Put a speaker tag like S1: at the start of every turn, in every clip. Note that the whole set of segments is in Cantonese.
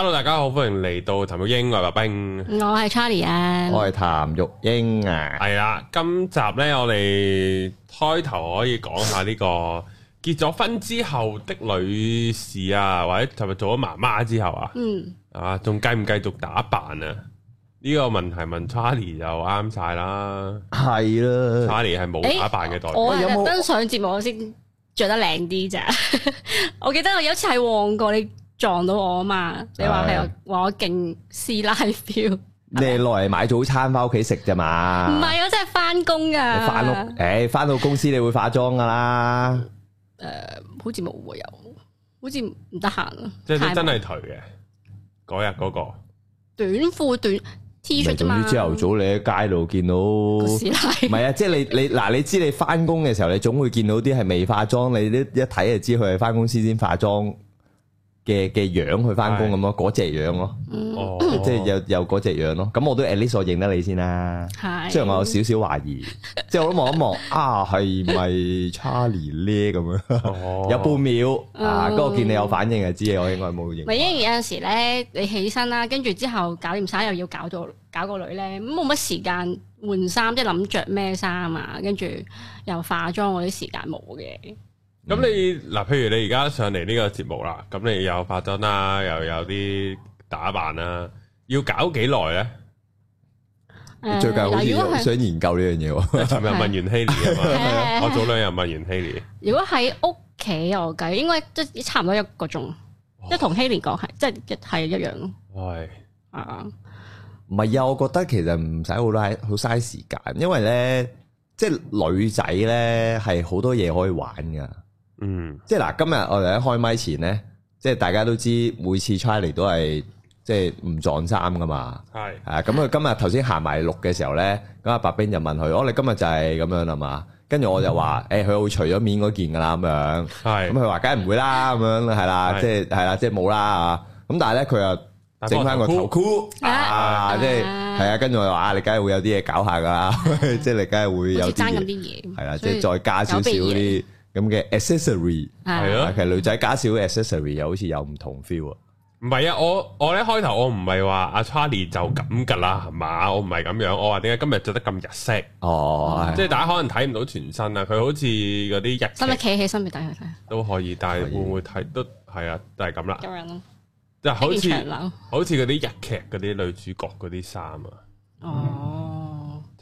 S1: hello，大家好，歡迎嚟到談育鷹同埋阿兵，
S2: 我係 Charlie 啊，我
S1: 係譚玉英啊，係啦，今集咧我哋開頭可以講下呢個 結咗婚之後的女士啊，或者係咪做咗媽媽之後啊，嗯啊，仲繼唔繼續打扮啊？呢、這個問題問 Char 就的 Charlie 就啱晒啦，係啦，Charlie 係冇打扮嘅代表、欸，我，、啊、我有冇
S2: 登上節目我先着得靚啲咋， 我記得我有一次係旺角你。撞到我啊嘛！的你話係我話的我勁師奶 feel？
S3: 你係落嚟買早餐翻屋企食啫嘛？唔
S2: 係啊，真係翻工噶。翻屋
S3: 誒，翻、欸、到公司你會化妝噶
S1: 啦。誒、呃，好似冇喎，有
S2: 好似唔得閒啊。即係你真
S1: 係頹嘅嗰日嗰個
S2: 短褲短 T 恤嘛。明朝頭
S3: 早你喺街度見到師奶，唔係啊！即係你你嗱，你知你翻工嘅時候，你總會見到啲係未化妝，你一睇就知佢係翻公司先化妝。嘅嘅樣去翻工咁咯，嗰隻樣咯，
S4: 即係
S3: 有有嗰隻樣咯。咁我都 at least 認得你先啦，即係我有少少懷疑，即係我都望一望，啊係咪 Charlie 咧？咁樣？有半秒，嗱，嗰個見你有反應係知，我應該冇認。
S2: 咪英文有陣時咧，你起身啦，跟住之後搞掂晒又要搞咗搞個女咧，咁冇乜時間換衫，即係諗著咩衫啊，跟住又化妝，我啲時間冇嘅。
S1: 咁你嗱，譬如你而家上嚟呢個節目啦，咁你有化妝啦，又有啲打扮啦，要搞幾耐咧？
S3: 最近好似想
S1: 研究呢樣嘢喎，尋日問完希尼啊嘛，我早兩日問完希尼。
S2: 如果喺屋企，我計應該即係差唔多一個鐘，即係同希尼講係，即係一係一樣咯。係啊，
S3: 唔係啊？我覺得其實唔使好拉，好嘥時間，因為咧，即係女仔咧係好多嘢可以玩噶。嗯，即係嗱，今日我哋喺開麥前咧，即係大家都知，每次出嚟都係即係唔撞衫噶嘛，係啊，咁佢今日頭先行埋錄嘅時候咧，咁阿白兵就問佢，哦，你今日就係咁樣啦嘛，跟住我就話，誒，佢會除咗面嗰件噶啦咁樣，係，咁佢話梗係唔會啦，咁樣係啦，即係係啦，即係冇啦啊，咁但係咧佢又整翻個頭箍啊，即係係啊，跟住我話，你梗係會有啲嘢搞下噶啦，即係你梗係會有啲嘢，
S4: 係啦，即係再加少少啲。
S3: 咁嘅 accessory 係咯，其實女仔加少 accessory 又好似有唔同 feel 啊。
S1: 唔係啊，我我咧開頭我唔係話阿 Charlie 就咁噶啦，係嘛，我唔係咁樣。我話點解今日着得咁日式？哦，即係大家可能睇唔到全身啊。佢好似嗰啲日，身咪
S2: 企起身咪睇下
S1: 睇。都可以，但係會唔會睇都係啊？都係咁啦。咁樣咯。就好似好似嗰啲日劇嗰啲女主角嗰啲衫啊。哦。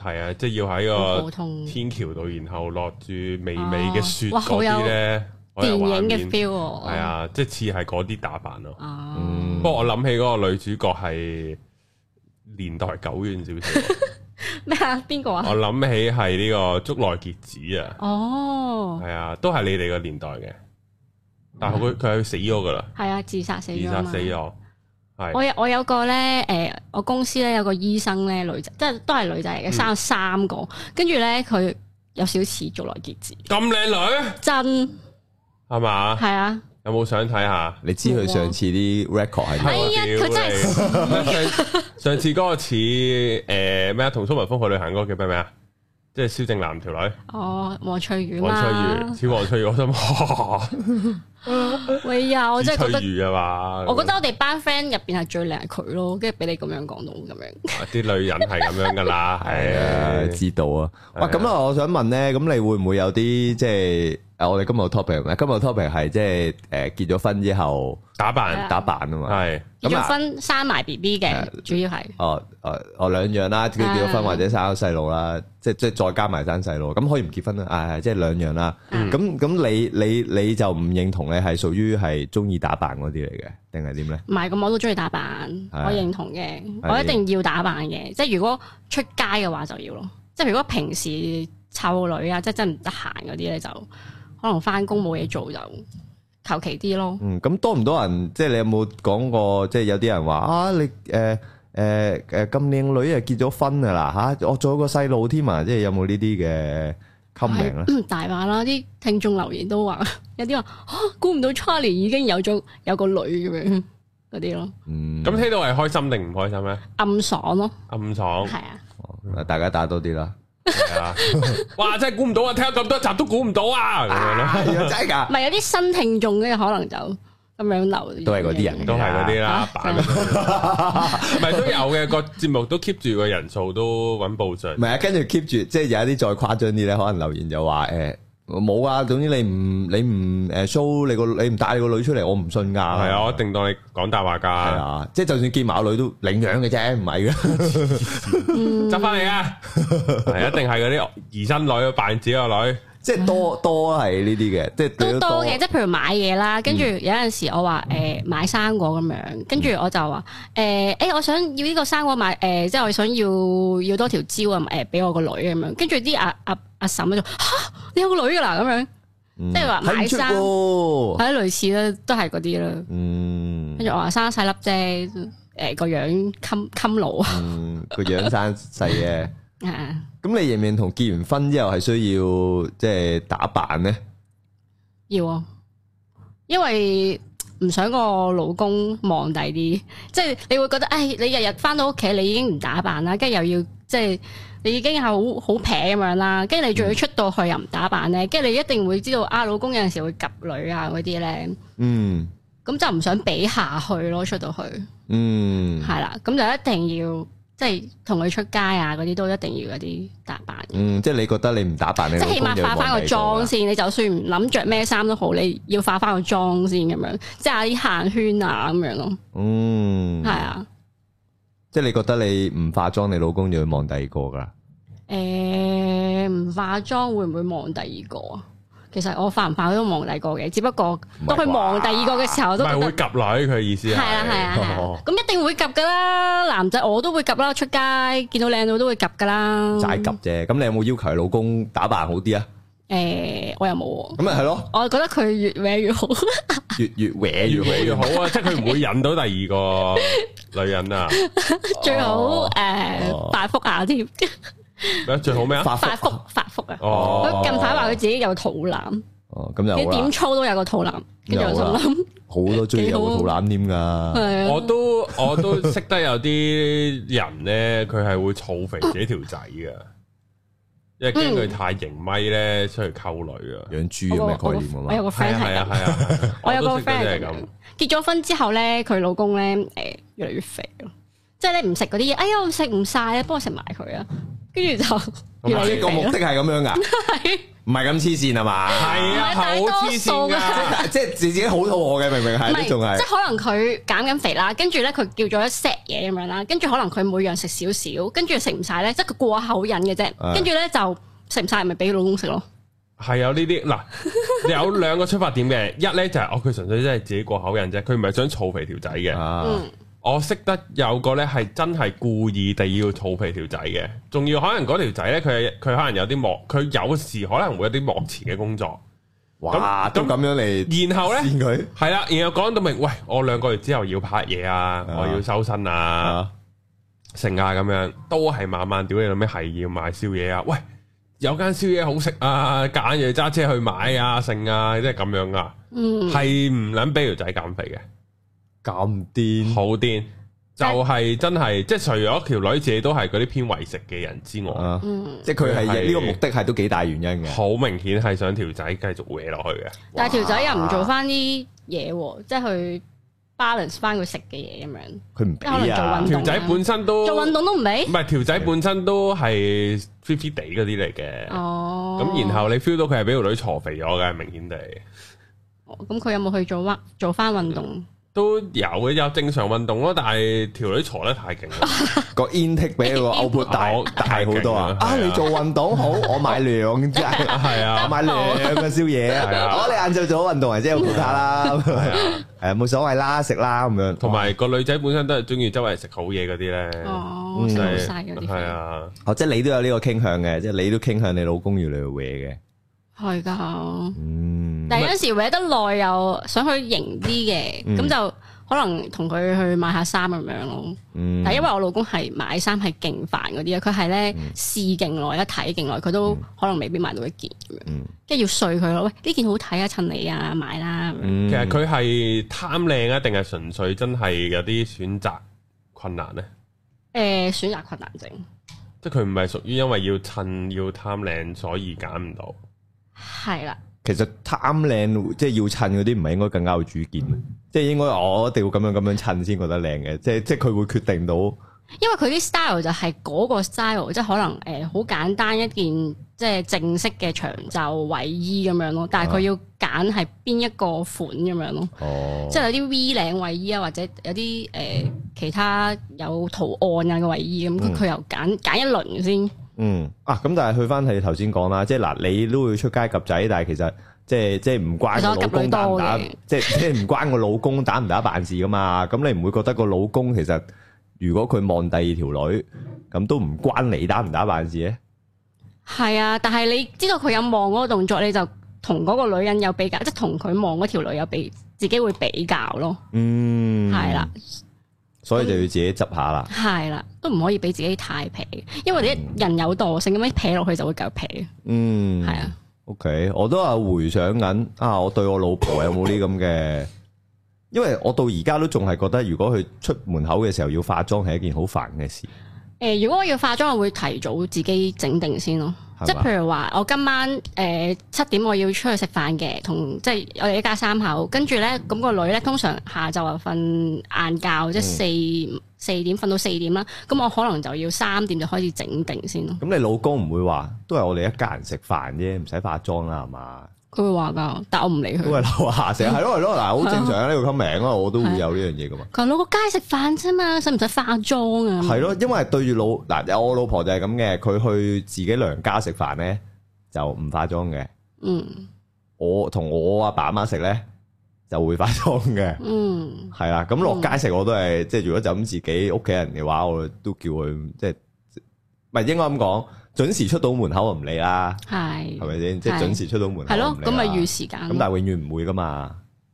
S1: 係啊，即係要喺個天橋度，然後落住微微嘅雪嗰啲咧，哦、電影嘅 feel 係啊，即係似係嗰啲打扮咯。哦、嗯、不過我諗起嗰個女主角係年代久遠少少。
S2: 咩 啊？邊個啊？我
S1: 諗起係呢個竹內結子
S2: 啊。哦，
S1: 係啊，都係你哋個年代嘅，但係佢佢係死咗噶啦。
S2: 係啊，自殺死咗。
S1: 我有
S2: 我有個咧，誒、呃，我公司咧有個醫生咧女仔，即係都係女仔嚟嘅，生咗三個，嗯、跟住咧佢有少少似趙麗穎。咁靚女真
S1: 係的嘛？係吧啊，有冇相睇下？你知佢上次啲 record 喺邊？哎呀，佢真係 上次嗰個似誒咩啊？同、呃、蘇文峰去旅行嗰個叫咩名啊？即係蕭正楠條女，
S2: 哦，黃翠如嘛，
S1: 蕭黃翠如，我心，
S2: 喂呀，我真係覺
S1: 得，我覺得我
S2: 哋班 friend 入邊係最靚佢咯，跟住俾你咁樣講到咁樣，
S1: 啲女人係咁樣噶啦。係啊，知道
S3: 啊，哇，咁啦，我想問咧，咁你會唔會有啲即係？誒、啊，我哋今日嘅 topic，今日嘅 topic 係即係誒結咗婚之後打扮、嗯、打扮啊嘛，係是那結婚
S2: 生埋 B B 嘅，主要係哦
S3: 哦哦兩樣啦，結結咗婚、嗯、或者生咗細路啦，即即再加埋生細路，咁可以唔結婚啊？係係即係兩樣啦。咁咁、嗯、你你你就唔認同你係屬於係中意打扮嗰啲嚟嘅，定係點咧？
S2: 唔係，咁我都中意打扮，我認同嘅，啊、我一定要打扮嘅、啊啊啊。即如果出街嘅話就要咯，即如果平時湊女啊，即真係唔得閒嗰啲咧就。可能翻工冇嘢做就求其啲咯。嗯，
S3: 咁多唔多人，即係你有冇講過？即係有啲人話啊，你誒誒誒咁靚女啊，結咗婚啊啦吓，我仲有個細路添啊，即係有冇呢啲嘅 comment 咧？
S2: 大把啦，啲聽眾留言都話，有啲話啊，估唔到 Charlie 已經有咗有個女咁樣嗰啲咯。嗯，
S1: 咁聽到係開心定唔開心咧？
S2: 暗爽咯，
S1: 暗爽係啊。嗱，大家打多啲啦。 哇！真係估唔到啊，聽咁多集都估唔到啊，係咁樣啊，真係噶。
S2: 唔係有啲新聽眾咧，可能就咁樣留。
S3: 都係嗰啲人，都
S1: 係嗰啲啦，唔係都有嘅。個節目都 keep 住個人數都穩步上。唔
S3: 係啊，跟住 keep 住，即係有誇張一啲再誇張啲咧，可能留言就話誒。欸冇啊！總之你唔你唔誒 show 你個你唔帶你個女出嚟，我唔信噶。係啊，我
S1: 一定當你講大話噶。係啊，
S3: 即係就算見埋個女都領養嘅啫，唔係嘅。
S1: 執翻嚟啊！係一定係嗰啲姨甥女扮自己個女，即係多多係呢啲嘅，即係都多嘅。
S2: 即係譬如買嘢啦，跟住有陣時我話誒買生果咁樣，跟住我就話誒誒我想要呢個生果買誒，即係我想要要多條蕉啊，誒俾我個女咁樣，跟住啲阿阿阿嬸咧就吓。你好女噶啦，咁樣
S3: 即係話買衫，係
S2: 類似啦，都係嗰啲啦。嗯，跟住我話生細粒啫，誒個樣襟襟老啊，
S3: 個樣生細嘅。咁你認唔認同結完婚之後係需要即係打扮咧？
S2: 要啊，因為唔想個老公望第啲，即係你會覺得誒，你日日翻到屋企你已經唔打扮啦，跟住又要即係。你已經係好好平咁樣啦，跟住你仲要出到去又唔打扮咧，跟住、嗯、你一定會知道啊老公有陣時會 𥄫 女啊嗰啲咧。嗯。咁就唔想比下去咯，出到去。
S3: 嗯。
S2: 係啦，咁就一定要即係同佢出街啊嗰啲都一定要有啲打扮。嗯，
S3: 即係你覺得你唔打扮咧。即係起碼化翻個妝
S2: 先，你就算唔諗着咩衫都好，你要化翻個妝先咁樣，即係啲行圈啊咁樣咯。樣樣
S3: 樣嗯。係啊。即係你覺得你唔化妝，你老公就會望第二
S1: 個噶？
S2: 誒，唔化妝會唔會望第二個啊？其實我化唔化都望第二個嘅，只不過當佢望第二個嘅時候都唔係會
S1: 𥄫 女佢意思啊？係啊係啊，
S2: 咁一定會 𥄫 噶啦，男仔我都會 𥄫 啦，出街見到靚女都會 𥄫 噶啦，齋
S3: 𥄫 啫。咁你有冇要求老公打扮好啲啊？
S2: 誒，我又冇，
S1: 咁咪係咯？
S2: 我覺得佢越歪越好，
S1: 越越搲越歪越好啊！即係佢唔會引到第二個女人啊！
S2: 最好誒，發福啊添，
S1: 咩最好咩啊？發福發福啊！哦，佢近排話
S2: 佢自己有肚腩，
S1: 哦咁又點
S2: 操都有個肚腩，跟住我就諗
S1: 好多鍾意有肚腩添噶，我都我都識得有啲人咧，佢係會儲肥自己條仔噶。因為驚佢太型咪咧，嗯、出去溝女啊，養豬有咩概念，啊嘛？我有個 friend 係啊，係啊，我有個 friend 係咁，
S2: 結咗婚之後咧，佢老公咧，誒，越嚟越肥咯，即係咧唔食嗰啲嘢，哎呀，食唔晒啊，幫我食埋佢啊，跟住就原 來呢個目的係咁樣啊？
S3: 唔係咁黐線啊嘛，係啊，好黐線噶，即係自己好肚餓嘅，明唔明？係，仲係即係
S2: 可能佢減緊肥啦，跟住咧佢叫咗一 set 嘢咁樣啦，跟住可能佢每樣食少少，跟住食唔晒咧，即佢過口癮嘅啫。跟住咧就食唔晒咪俾老公食咯。
S1: 係啊，呢啲嗱有兩個出發點嘅， 一咧就係、是、哦佢純粹真係自己過口癮啫，佢唔係想儲肥條仔嘅。啊嗯我識得有個咧係真係故意地要肚皮條仔嘅，仲要可能嗰條仔咧佢佢可能有啲莫佢有時可能會有啲莫遲嘅工作，哇都咁樣嚟，然後咧係啦，然後講到明，喂，我兩個月之後要拍嘢啊，我要收身啊，剩啊咁樣，都係慢慢屌你，咁樣係要買宵夜啊，喂，有間宵夜好食啊，揀嘢揸車去買啊，剩啊，即係咁樣噶，嗯，係唔撚俾條仔減肥嘅。咁癲，好癲，就係真係，即係除咗條女自己都係嗰啲偏為食嘅人之外，即係佢係呢個目的係都幾大原因嘅。好明顯係想條仔繼續搲落去嘅。但係條仔又唔做翻
S2: 啲嘢，即係去 balance 翻佢食嘅嘢咁樣。
S1: 佢唔俾啊，條仔本身都做運動
S2: 都唔俾，唔係條
S1: 仔本身都係肥肥地嗰啲嚟嘅。
S2: 哦，咁然後
S1: 你 feel 到佢係俾條女坐肥咗嘅，明顯地。
S2: 哦，咁佢有冇去做運做翻運動？都
S1: 有嘅，有正常運動咯，但係條女坐得太勁啦，個 intake 比個 output 大大
S3: 好多啊！啊，你做運動好，我買兩隻，係啊，我買兩嘅宵夜，係啊，我哋晏晝做好運動，或者有負他啦，係冇所謂啦，食啦咁樣，同
S1: 埋個女仔本身都係中意周圍食好嘢嗰啲咧，食
S3: 好曬嗰啲，啊，哦，即係你都有呢個傾向嘅，即係你都傾向你老公越嚟越嘢嘅。
S2: 係噶，但係有陣時搵得耐又想去型啲嘅，咁、嗯、就可能同佢去買下衫咁樣咯。嗯、但係因為我老公係買衫係勁煩嗰啲啊，佢係咧試勁耐，一睇勁耐，佢都可能未必買到一件咁樣，跟住、嗯、要碎佢咯。喂，呢件好睇啊，襯你啊，買啦。嗯、其實佢
S1: 係貪靚啊，定係純粹真係有啲選擇困難呢？
S2: 誒、呃，選擇困難症，
S1: 即係佢唔係屬於因為要襯要貪靚，所以揀唔到。係啦，其實
S3: 貪靚即係要襯嗰啲，唔係應該更加有主見、嗯即，即係應該我哋要咁樣咁樣襯先覺得靚嘅，即係即係佢會決定到，
S2: 因為佢啲 style 就係嗰個 style，即係可能誒好、呃、簡單一件即係正式嘅長袖衛衣咁樣咯，但係佢要揀係邊一個款咁樣咯，啊、即係有啲 V 領衛衣啊，或者有啲誒、呃、其他有圖案啊嘅衛衣咁，佢、嗯、又揀揀一輪
S3: 先。嗯啊，咁但係去翻係頭先講啦，即係嗱，你都會出街及仔，但係其實即係即係唔關個老公打唔打，即係即係唔關個老公打唔打辦事噶嘛，咁你唔會覺得個老公其實如果佢望第二條女，咁都唔關你打唔打辦事咧？
S2: 係啊，但係你知道佢有望嗰個動作，你就同嗰個女人有比較，即係同佢望嗰條女有比，自己會比較咯。
S3: 嗯，係啦。所以就要自己執下啦，
S2: 係啦，嗯，都唔可以俾自己太皮，因為啲人有惰性，咁樣撇落去就會夠皮。嗯，
S3: 係啊的。O、okay, K，我都話回想緊啊，我對我老婆有冇呢咁嘅？ 因為我到而家都仲係覺得，如果佢出門口嘅時候要化妝係一件好煩嘅事。
S2: 誒、呃，如果我要化妝，我會提早自己整定先咯。即係譬如話，我今晚誒七點我要出去食飯嘅，同即係我哋一家三口，跟住咧咁個女咧通常下晝，啊瞓晏覺，嗯、即係四四點瞓到四點啦，咁我可能就要三點就開始整定
S3: 先咯。咁你老公唔會話，都係我哋一家人食飯啫，唔使化妝啦，係嘛？
S2: 佢會話噶，但係我唔理佢。都係樓下成日係咯係咯，嗱好正常
S3: 呢個名啊，我都會有呢樣嘢噶嘛。
S2: 佢落個街食飯啫嘛，使唔使化妝啊？係
S3: 咯，因為對住老嗱有我老婆就係咁嘅，佢去自己娘家食飯咧就唔化妝嘅。嗯，我同我阿爸阿媽食咧就會化妝嘅。嗯，係啦，咁落街食我都係即係如果就咁自己屋企人嘅話，我都叫佢即係唔係應該咁講。準時出到門口就唔理啦，
S2: 係
S4: 係咪先？即係準時出到門口，係咯，咁咪預時間。
S3: 咁但係永遠唔會噶嘛。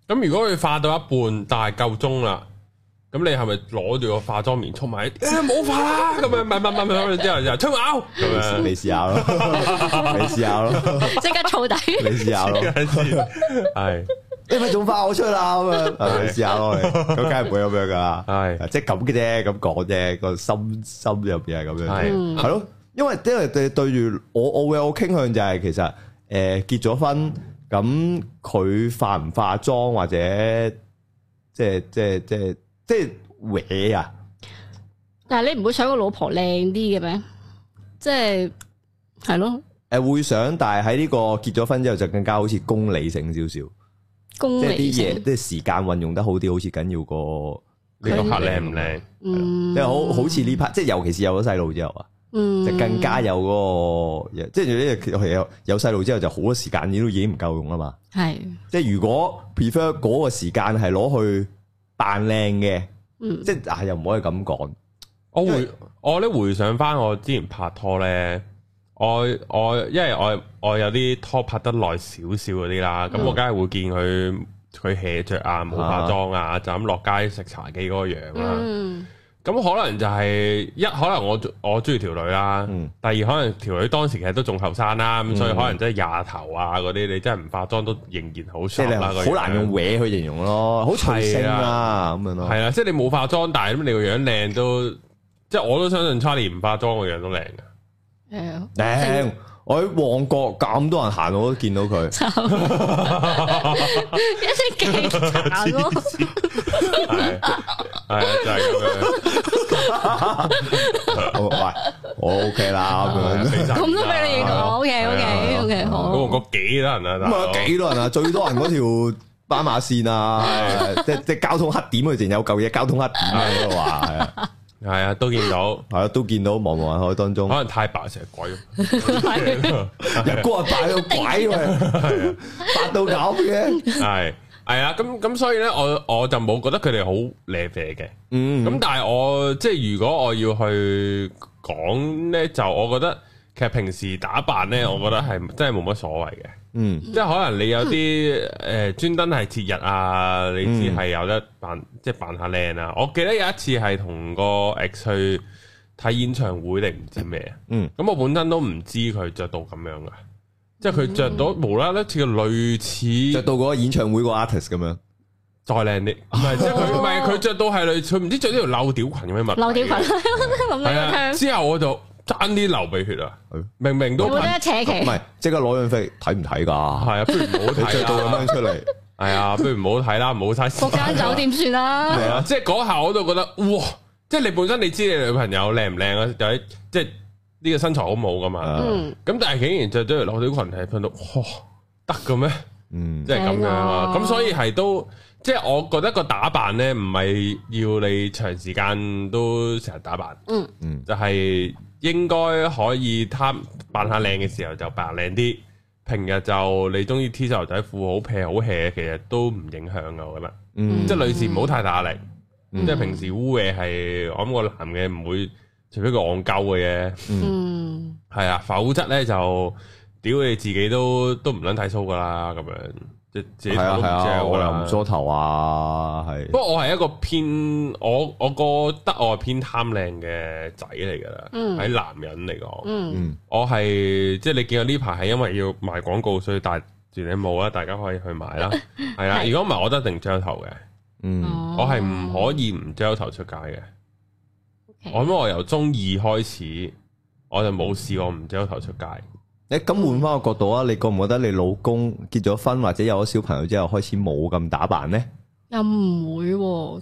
S1: 咁如果佢化到一半，但係夠鐘啦，咁你係咪攞住個化妝棉衝埋？唔好化咁樣，唔唔唔唔，之後又出門口咁樣，你試下咯，你試下咯，
S3: 即刻燥底，你試下咯，係你咪仲化我出去啦咁樣，你試下咯，咁梗係唔會咁樣噶，係即係咁嘅啫，咁講啫，個心心入邊係咁樣，係係咯。因為因為對對住我我會有傾向就係其實誒、呃、結咗婚咁佢化唔化妝或者即係即係即係即係搲啊？
S2: 但係你唔會想個老婆靚啲嘅咩？即係係咯？
S3: 誒會想，但係喺呢個結咗婚之後就更加好似功利性少少，
S4: 功利即係啲嘢，即
S3: 係時間運用得好啲，好似緊要過個美美呢個客靚唔靚？
S4: 嗯，就係、好好
S3: 似呢 part，即係尤其是有咗細路之後啊。
S4: 嗯，就更加有
S3: 嗰個嘢，嗯、即係有有細路之後，就好多時間都已經唔夠用啊嘛。係，即係如果 prefer 嗰個時間係攞去扮靚嘅，嗯、即係、啊、又唔可以咁講。
S1: 我回我咧回想翻我之前拍拖咧，我我因為我我有啲拖拍得耐少少嗰啲啦，咁、嗯、我梗係會見佢佢 hea 著啊，冇化妝啊，就咁落街食茶記嗰個樣啦。咁可能就係、是、一可能我我中意條女啦，嗯、第二可能條女當時其實都仲後生啦，咁、嗯、所以可能真係廿頭啊嗰啲，你真係唔化妝都仍然好靚好難用搲
S3: 去形容咯，好隨性啦、啊、咁、啊、樣咯，係啦、
S1: 啊，即係你冇化妝，但係咁你個樣靚都，即係我都相信 Charlie 唔化妝個樣都靚嘅，
S4: 靚。
S1: 我喺旺角咁多人行，我都見到佢，
S4: 一隻警察
S1: 哥，係啊，就係咁樣。喂，我 OK 啦，咁都俾你影到，OK OK OK，好。旺角幾多人啊？唔幾多
S3: 人啊？最多人嗰條斑馬線啊，即即交通黑點啊，仲有嚿嘢交通黑點啊，話啊。係啊，都見到，係啊， 都見到茫茫人海當中，可能太
S1: 白成鬼，日光
S3: 係擺到鬼啊，白到搞嘅，
S1: 係係啊，咁咁所以咧，我我就冇覺得佢哋好靚啡嘅，嗯，咁但係我即係如果我要去講咧，就我覺得其實平時打扮咧，我覺得係真係冇乜所謂嘅。嗯，即係可能你有啲誒專登係節日啊，你只係有得扮，嗯、即係扮下靚啊！我記得有一次係同個 X 去睇演唱會定唔知咩啊，咁、嗯、我本身都唔知佢着到咁樣噶，即係佢着到無啦啦似個類似着、嗯嗯嗯、到嗰個演唱會個 artist 咁樣，再靚啲，唔係即係佢唔係佢着到係類似唔知着呢條漏屌裙咁樣物。漏屌
S4: 裙係啊，
S1: 之後我就。 想想 爭啲流鼻血啊！明明都唔好扯旗，唔係即刻攞張飛睇唔睇噶？係啊，不如唔好睇啦。 到咁樣出嚟，係啊、哎，不如唔好睇啦，唔好嘥時間。間酒店
S2: 算啦。係 啊，
S1: 啊 即係嗰下我就覺得哇！即係你本身你知你女朋友靚唔靚啊？又係即係呢個身材好唔好噶嘛。咁、啊嗯、但係竟然着咗條流吊裙係瞓到，得嘅咩？嗯，即係咁樣啊。咁所以係都即係我覺得個打扮咧，唔係要你長時間都成日打扮。嗯嗯，就係、是。應該可以，貪扮下靚嘅時候就扮靚啲，平日就你中意 T 恤牛仔褲好撇好 hea 其實都唔影響嘅啦。我覺得嗯，即係女士唔好太大壓力。嗯、
S4: 即係平
S1: 時污衊，係我諗個男嘅唔會，除非佢憨鳩嘅嘢。
S4: 嗯，
S1: 係啊，否則咧就屌你自己都都唔撚剃鬚噶啦咁樣。即係自己都唔遮。啊啊，我又唔梳頭啊，係。不過我係一個偏，我我覺得我係偏貪靚嘅仔嚟噶啦。嗯。喺男人嚟講，嗯，我係即係你見到呢排係因為要賣廣告，所以戴住你帽啦，大家可以去買啦。係啦、 啊，如果唔係，我都一定遮頭嘅。嗯。我係唔可以唔遮頭出街嘅。嗯、我諗，我由中二開始，我就冇試過唔遮頭出街。
S3: 你咁換翻個角度啊？你覺唔覺得你老公結咗婚或者有咗小朋友之後開始冇咁打扮咧？
S2: 又唔會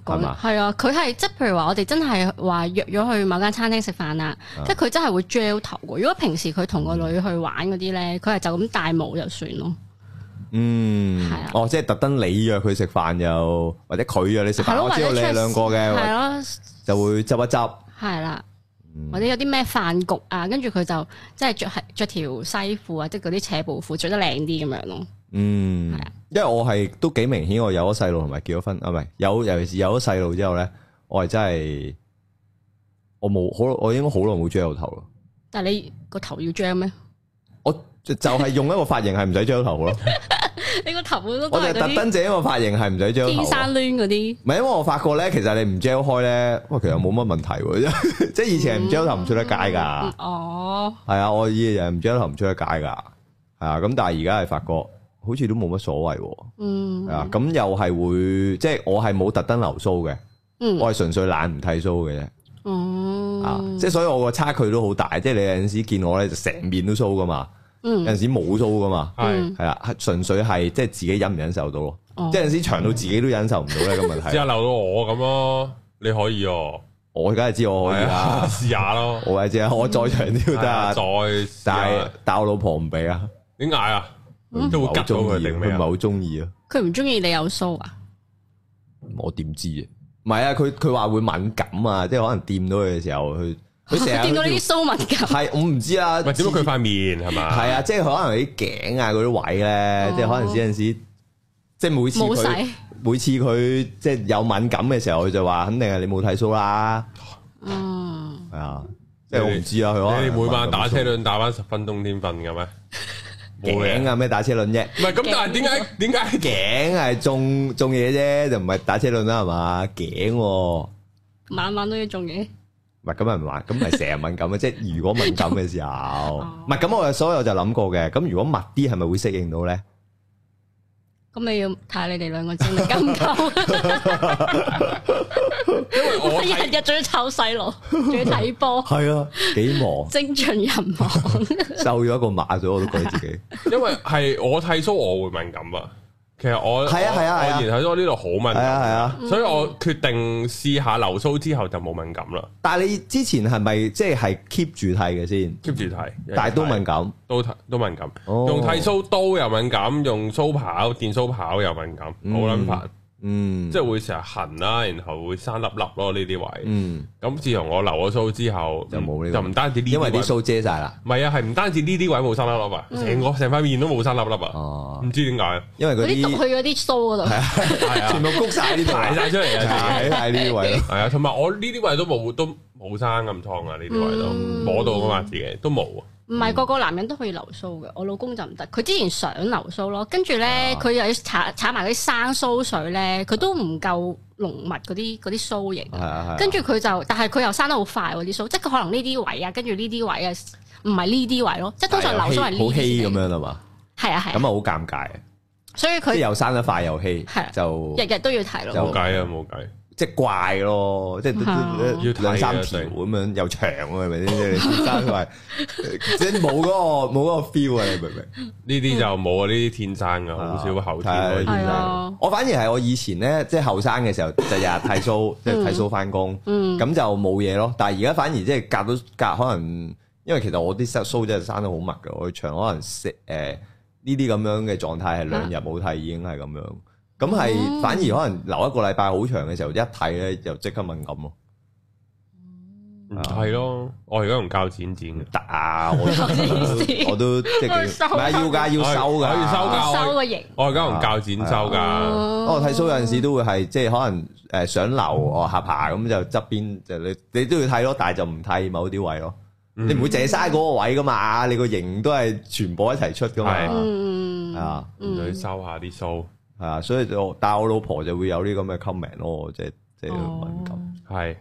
S2: 咁啊？係吧啊，佢係即係譬如話我哋真係話約咗去某間餐廳食飯啊，即係佢真係會 gel 頭嘅。如果平時佢同個女去玩嗰啲咧，佢係、嗯、就咁戴帽就算咯。嗯，
S3: 係啊的。哦，即係特登你約佢食飯又，或者佢約你食飯，我知道你哋兩個嘅，係咯的，就會執一執。
S2: 係啦。或者有啲咩飯局啊，跟住佢就即係着係着條西褲，褲、嗯、啊，即係嗰啲斜布褲，着得靚啲咁樣咯。嗯，係啊，
S3: 因為我係都幾明顯，我有咗細路同埋結咗婚，啊唔係有，尤其是有咗細路之後咧，我係真係我冇好，我應該好耐冇追張頭咯。
S2: 但係你個頭要張咩？
S3: 我就係用一個髮型，係唔使張頭咯。
S2: 你個頭我哋特登，正
S3: 因為髮型係唔使張頭，
S2: 亂嗰啲。
S3: 唔係因為我發覺咧，其實你唔 gel 開咧，哇，其實冇乜問題。即 係以前唔 gel 頭唔出得街噶。哦。係啊，我以前唔 gel 頭唔出得街噶。係啊，咁但係而家係發覺好似都冇乜所謂。嗯。
S4: 係啊，咁
S3: 又係會，即係我係冇特登留鬚嘅。嗯、我係純粹懶唔剃鬚嘅啫。
S4: 哦、嗯。啊、嗯，即係所
S3: 以我個差距都好大。即係你有陣時見我咧，就成面都鬚噶嘛。有陣時冇鬚噶嘛，係係啊，純粹係即係自己忍唔忍受到咯。即係陣時長到自己都忍受唔到呢個問題。只有
S1: 留到我咁咯，你可以，哦，我梗係知我可以啦，試下咯。我或者我再長都要得再但係
S3: 但我老婆唔俾啊，
S1: 點解啊？佢唔會急咗佢定佢唔係好
S3: 中意啊？
S2: 佢唔中意你有鬚啊？
S3: 我點知啊？唔係啊，佢佢話會敏感啊，即係可能掂到佢嘅時候佢。佢成日見到呢啲鬚敏感㗎，係我唔知啊。咪只到佢塊面係嘛？係啊，即係佢可能啲頸啊嗰啲位咧，即係可能有陣時，即係每次佢每次佢即係有敏感嘅時候，佢就話肯定係你冇剃鬚啦。啊，係啊，即係我唔知啊。佢話你每晚打車
S1: 輪打翻十分鐘先瞓嘅
S3: 咩？頸啊咩打車輪啫？唔係咁，但係點解點解頸係中中嘢啫？就唔係打車輪啦係嘛？頸晚
S2: 晚都要中嘢。
S3: 咁咪唔玩，咁咪成日敏感嘅，即係如果敏感嘅時候，唔係咁我所以我就諗過嘅，咁如果密啲係咪會適應到咧？
S2: 咁你要睇下你哋兩個精力夠唔夠，我日日仲要湊細路，仲要睇波，
S1: 係啊，幾忙，
S2: 精盡人亡，
S1: 瘦咗個馬嘴我都覺得自己，因為係我剃鬚我會敏感啊。其實我係啊係啊係啊，我呢度好敏感係啊，啊，啊，啊，啊，啊，啊所以我決定試下留鬚之後就冇敏感啦，嗯。但係你之前係咪即係 keep 住剃嘅先？keep 住剃，但係都敏感，都都敏感。哦，用剃鬚刀又敏感，用鬚刨電鬚刨又敏感，好撚煩。嗯嗯，即係會成日痕啦，然後會生粒粒咯呢啲位。
S3: 嗯，
S1: 咁自從我留咗鬚之後，就冇就唔單止呢，因為啲鬚遮晒啦。唔係啊，係唔單止呢啲位冇生粒粒啊，成個成塊面都冇生粒粒啊。哦，唔知點解，因為佢啲，我啲，
S2: 我啲鬚嗰度，係
S1: 啊係啊，全部谷晒呢塊晒出嚟啊，晒晒呢位，係啊，同埋我呢啲位都冇，都冇生咁燙啊，呢啲位都摸到㗎嘛，自己都冇啊。
S2: 唔係個個男人都可以留須嘅，我老公就唔得。佢之前想留須咯，跟住咧佢又要搽搽埋啲生須水咧，佢都唔夠濃密嗰啲嗰啲須型。係係。跟住佢就，但係佢又生得好快喎啲須，即係佢可能呢啲位啊，跟住呢啲位啊，唔係呢啲位咯，即係通常留須係呢啲位。好稀咁樣啊嘛。係啊係。咁
S3: 啊好尷尬啊。所以佢即係又生得快又稀，係、啊、就日日
S2: 都要睇咯。冇計啊
S3: 冇計。即係怪咯，即係兩三條咁樣又長，係咪先？天生佢話即係冇嗰個冇個 feel 啊，明唔明？呢啲就冇啊，呢啲天生噶，好少後天對天生。對呀 我反而係我以前咧，即係後生嘅時候，就日日睇 show，即係睇 show 翻工，咁就冇嘢咯。但係而家反而即係隔到隔，可能因為其實我啲 show 真係生得好密噶，我長可能四誒呢啲咁樣嘅狀態係兩日冇睇已經係咁樣。 咁係反而可能留一個禮拜好長嘅時候，一睇咧就即刻敏
S1: 感咯，係咯，我而家用鉸剪剪㗎，我我都即係要㗎要收噶，可以收㗎收個型。我而家
S3: 用鉸剪收噶，我睇 show 有陣時都會係即係可能誒，想留我下巴咁就側邊就你你都要睇咯，但係就唔剃某啲位咯，你唔會借晒嗰個位噶嘛，你個型都係全部一齊出噶嘛，
S4: 係啊，要收
S3: 下啲 show。係啊，所以就但係我老婆就會有啲咁嘅 comment 咯，即係即係敏感，係，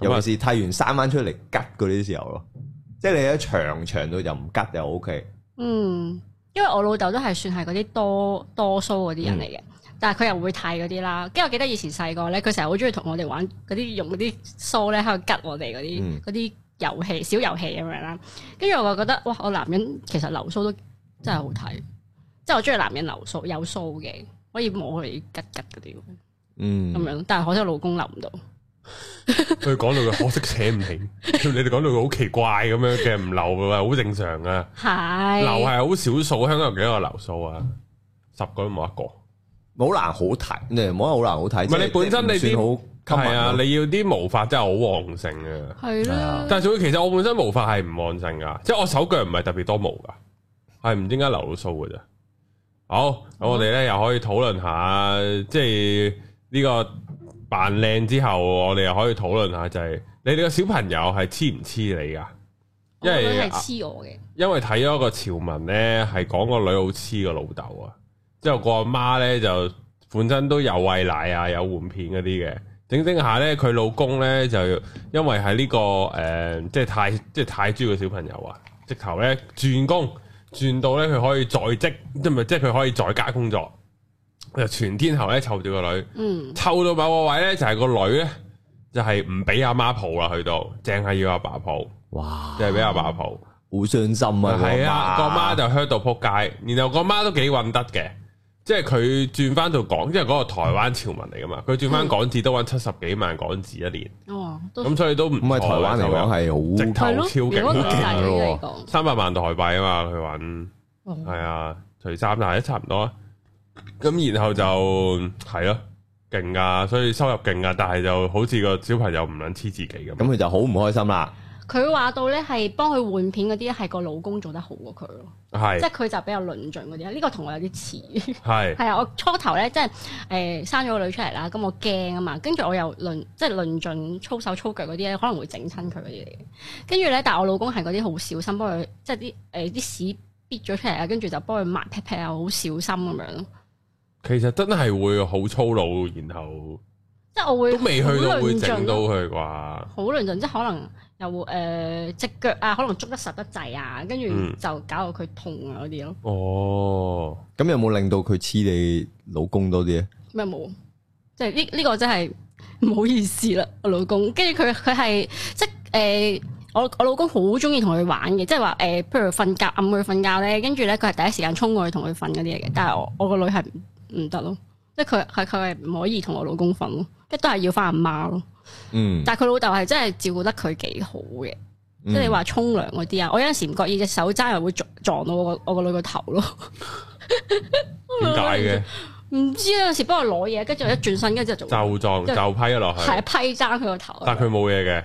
S3: 尤其是剃完生返出嚟吉嗰啲時候咯，即係你喺長長到就唔吉就 OK。嗯，
S2: 因為我老豆都係算係嗰啲多多鬚嗰啲人嚟嘅，嗯、但係佢又會剃嗰啲啦。跟住我記得以前細個咧，佢成日好中意同我哋玩嗰啲用嗰啲鬚咧喺度吉我哋嗰啲啲遊戲、小遊戲咁樣啦。跟住我就覺得哇，我男人其實留鬚都真係好睇，即係我中意男人留鬚有鬚嘅。可以摸你吉吉嗰啲，
S1: 嗯，咁
S2: 樣，但係可惜我老公留唔到。
S1: 佢講到佢可惜扯唔平，你哋講到佢好奇怪咁樣嘅，唔留嘅話好正常啊。
S4: 係的留係
S1: 好少數，香港有幾多個留數啊？嗯、十個都冇一個，好難好睇，你唔好
S3: 話好難好睇。唔係不你本身你啲好係啊，你
S1: 要啲毛髮真係好旺盛啊。係啊的。的但係其實我本身毛髮係唔旺盛噶，即、就、係、是、我手腳唔係特別多毛噶，係唔點解留到數嘅啫？好，咁我哋咧又可以討論下，啊、即係呢、這個扮靚之後，我哋又可以討論下就係、是、你哋個小朋友係黐唔黐你噶？因為黐、哦、我嘅，因為睇咗個潮文咧，係講個女好黐個老豆啊，之後個阿媽咧就本身都有喂奶啊，有換片嗰啲嘅，整整下咧佢老公咧就因為係呢、這個誒、呃，即係太即係太中意個小朋友啊，直頭咧轉工。轉到咧，佢可以在職，即係咪即係佢可以在家工作，佢就全天候咧湊住個女，嗯，湊到某個位咧就係個女咧就係唔俾阿媽抱啦，去到淨係要阿爸抱，哇，就係俾阿爸抱，好
S3: 傷心啊，係啊，個媽
S1: 就 hurt 到扑街，然後個媽都幾運得嘅。即係佢轉翻到港，即係嗰個台灣潮民嚟噶嘛，佢轉翻港紙都揾七十幾萬港紙一年，咁、哦、所以都唔。咁係台灣嚟講係好直頭的超勁啦，三百萬台幣啊嘛，佢揾，係啊、哦，除三就係一差唔多。咁然後就係咯，勁啊，所以收入勁啊，但係就好似個小朋友唔撚黐自己咁，咁佢、嗯、就好唔開心啦。
S2: 佢話到咧係幫佢換片嗰啲係個老公做得好過佢咯，係，即係佢就比較論盡嗰啲，呢個同我有啲似。
S1: 係係
S4: 啊，
S2: 我初頭咧即係誒生咗個女出嚟啦，咁我驚啊嘛，跟住我又論即係論盡粗手粗腳嗰啲咧，可能會整親佢嗰啲。跟住咧，但係我老公係嗰啲好小心，幫佢即係啲誒啲屎憋咗出嚟啊，跟住就幫佢抹 pat pat 啊，好小心咁樣咯。
S1: 其實真係會好粗魯，然後。
S2: 即係我會都未去到會整
S1: 到佢啩，
S2: 好論盡，即係可能又誒隻腳啊，可能捉得實得滯啊，跟住就搞到佢痛啊嗰啲咯。哦、嗯，
S3: 咁、oh, 有冇令到佢黐你老公多啲啊？
S2: 咩冇？即係呢呢個真係唔好意思啦，我老公。跟住佢佢係即係誒，我、呃、我老公好中意同佢玩嘅，即係話誒，譬如瞓覺暗佢瞓覺咧，跟住咧佢係第一時間衝過去同佢瞓嗰啲嘢嘅。但係我我個女係唔得咯，即係佢係佢係唔可以同我老公瞓咯。都係要翻阿媽咯，嗯、但係佢老豆係真係照顧得佢幾好嘅，即係你話沖涼嗰啲啊，我有陣時唔覺意隻手揸又會撞撞到我個 我個女個頭咯。
S1: 點解嘅？
S2: 唔知，有陣時幫我攞嘢，跟住一轉身，跟住就就
S1: 撞就批落去，係一
S2: 批揸佢個頭。但係佢冇嘢嘅，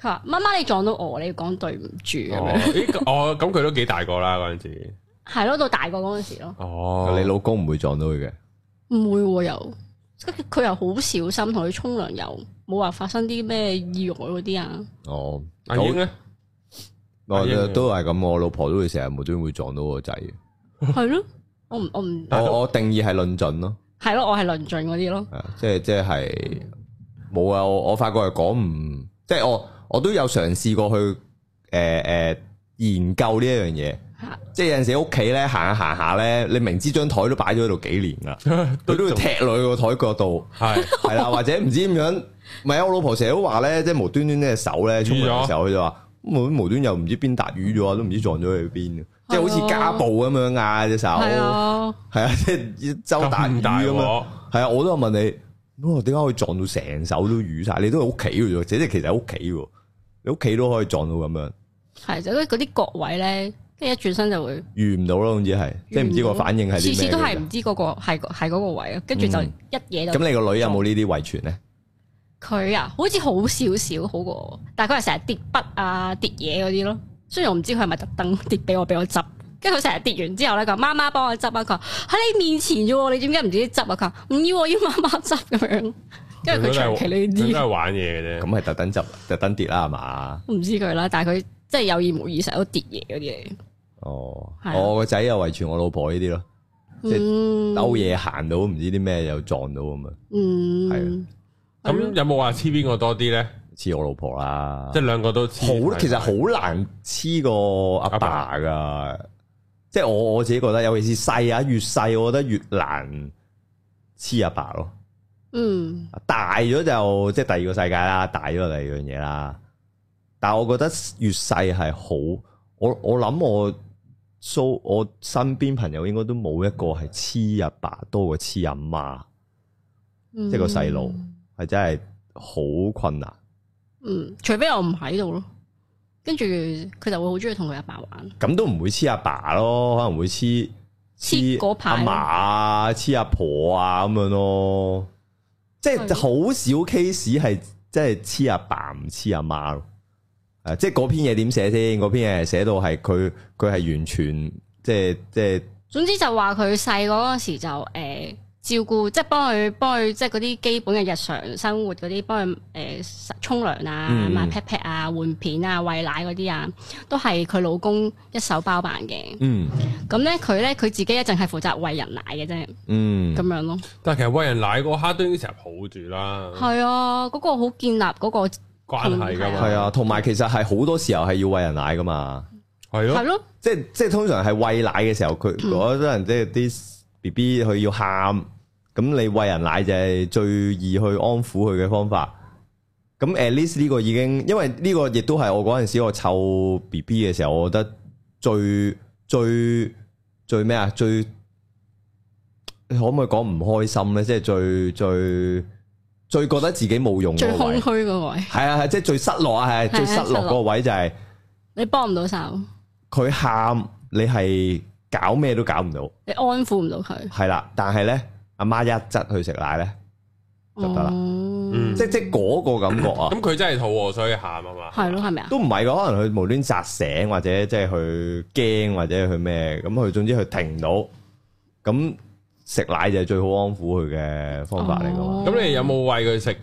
S2: 佢話媽媽你撞到我，你要講對唔
S1: 住咁。哦，咁佢都幾大個啦嗰陣時，
S2: 係咯，到大個嗰陣時咯。
S1: 哦，你老公唔會撞到
S3: 佢嘅，
S2: 唔會又、啊。有佢又好小心，同佢沖涼又，冇話發生啲咩意外嗰啲啊。
S3: 哦，阿鷹咧，我都係咁，我老婆都會成日無端端會撞到個仔。
S2: 係咯，我唔我
S3: 唔，我 我，我定義係論盡咯。
S2: 係咯，我係論盡嗰啲咯。
S3: 即係即係冇啊！我我發覺係講唔，即係我我都有嘗試過去誒誒、呃呃、研究呢樣嘢。即係有陣時屋企咧行下行下咧，你明知張台都擺咗喺度幾年啦，佢都會踢落去個台角度，係係啦， 或者唔知點樣，唔係啊？我老婆成日都話咧，即係無端端呢隻手咧，沖涼嘅時候佢就話咁無端又唔知邊達魚咗，都唔知撞咗去邊，即係好似家暴咁樣壓隻手，係啊，即係周打唔打咁樣，係啊，我都問你，點解可以撞到成手都瘀曬？你都係屋企嘅啫，即係其實喺屋企，你屋企都可以撞到咁樣，
S2: 係就嗰啲角位咧。 跟住一轉身就會
S3: 遇唔到咯，總之係即係唔知個反應係咩。次次都係唔
S2: 知嗰、嗰個係係嗰個位咯，跟住就一嘢就。咁、嗯、你
S3: 個女有冇呢啲遺傳咧？
S2: 佢啊，好似好少少好過我，但係佢成日跌筆啊、跌嘢嗰啲咯。雖然我唔知佢係咪特登跌俾我俾我執，跟住佢成日跌完之後咧，佢媽媽幫我執，佢喺你面前啫，你點解唔自己執啊？佢唔要，我要媽媽執咁樣。跟住佢長期呢啲。都係
S1: 玩嘢嘅
S3: 啫。咁係特登執，特登跌啦係嘛？
S2: 唔知佢啦，但係佢。即係有意無意成日都跌嘢嗰啲嘢。
S3: 哦，啊、我個仔又遺傳我老婆呢啲咯，即係兜嘢行到唔知啲咩又撞到咁啊。嗯，係啊的。咁有冇話黐邊個多啲咧？黐我老婆啦，即係
S1: 兩個都黐好。其實好
S3: 難黐個阿爸噶。即係爸我我自己覺得，尤其是細啊，越細我覺得越難黐阿爸咯。嗯，大咗就即、是、係第二個世界啦，大咗第二樣嘢啦。但係我覺得越細係好，我我諗我蘇、so, 我身邊朋友應該都冇一個係黐阿爸多過黐阿媽，嗯、
S4: 即係個細路
S3: 係真係好困難。嗯，
S2: 除非我唔喺度咯，跟住佢就會好中意同佢阿爸玩。
S3: 咁都唔會黐阿爸，爸咯，可能會黐黐阿媽啊，黐阿婆啊咁樣咯。的即係好少 case 係，即係黐阿爸唔黐阿媽咯。誒，即係嗰篇嘢點寫先？嗰篇嘢寫到係佢佢係完全即係即係，
S2: 總之就話佢細個嗰時就誒、呃、照顧，即係幫佢幫佢，即係嗰啲基本嘅日常生活嗰啲，幫佢誒沖涼啊、抹 pat pat 啊、換片啊、餵奶嗰啲啊，都係佢老公一手包辦嘅。嗯，咁咧，佢咧佢自己一陣係負責餵人奶嘅啫。嗯，
S1: 咁樣咯。但係其實餵人奶嗰刻都應該成日抱住啦。
S2: 係啊，嗰、那個好建立嗰、那個。關係噶嘛，係啊，
S3: 同埋其實係好多時候係要喂人奶噶嘛，係咯是的 的，係咯，即係即係通常係喂奶嘅時候，佢如果真係即係啲 B B 佢要喊，咁你喂人奶就係最易去安撫佢嘅方法。咁 at least 呢個已經，因為呢個亦都係我嗰陣時我湊 B B 嘅時候，我覺得最最最咩啊？最，最，最，最，最你可唔可以講唔開心咧？即係最最。最最覺得自己冇用，最空虛嗰位，係啊係，即係最失落啊，係最失落嗰位就係，
S2: 你幫唔到手，
S3: 佢喊，你係搞咩都搞唔到，
S2: 你安撫唔到佢，
S3: 係啦，但係咧，阿媽一質佢食奶咧，就
S2: 得啦，即即
S3: 嗰個感覺
S1: 啊，咁佢真係肚餓所以喊啊嘛，
S2: 係咯係咪啊？
S3: 都唔係噶，可能佢無端砸醒或者即係佢驚或者佢咩，咁佢總之佢停唔到，咁。食奶就係最好安撫佢嘅方法嚟㗎嘛。咁你有冇餵佢食？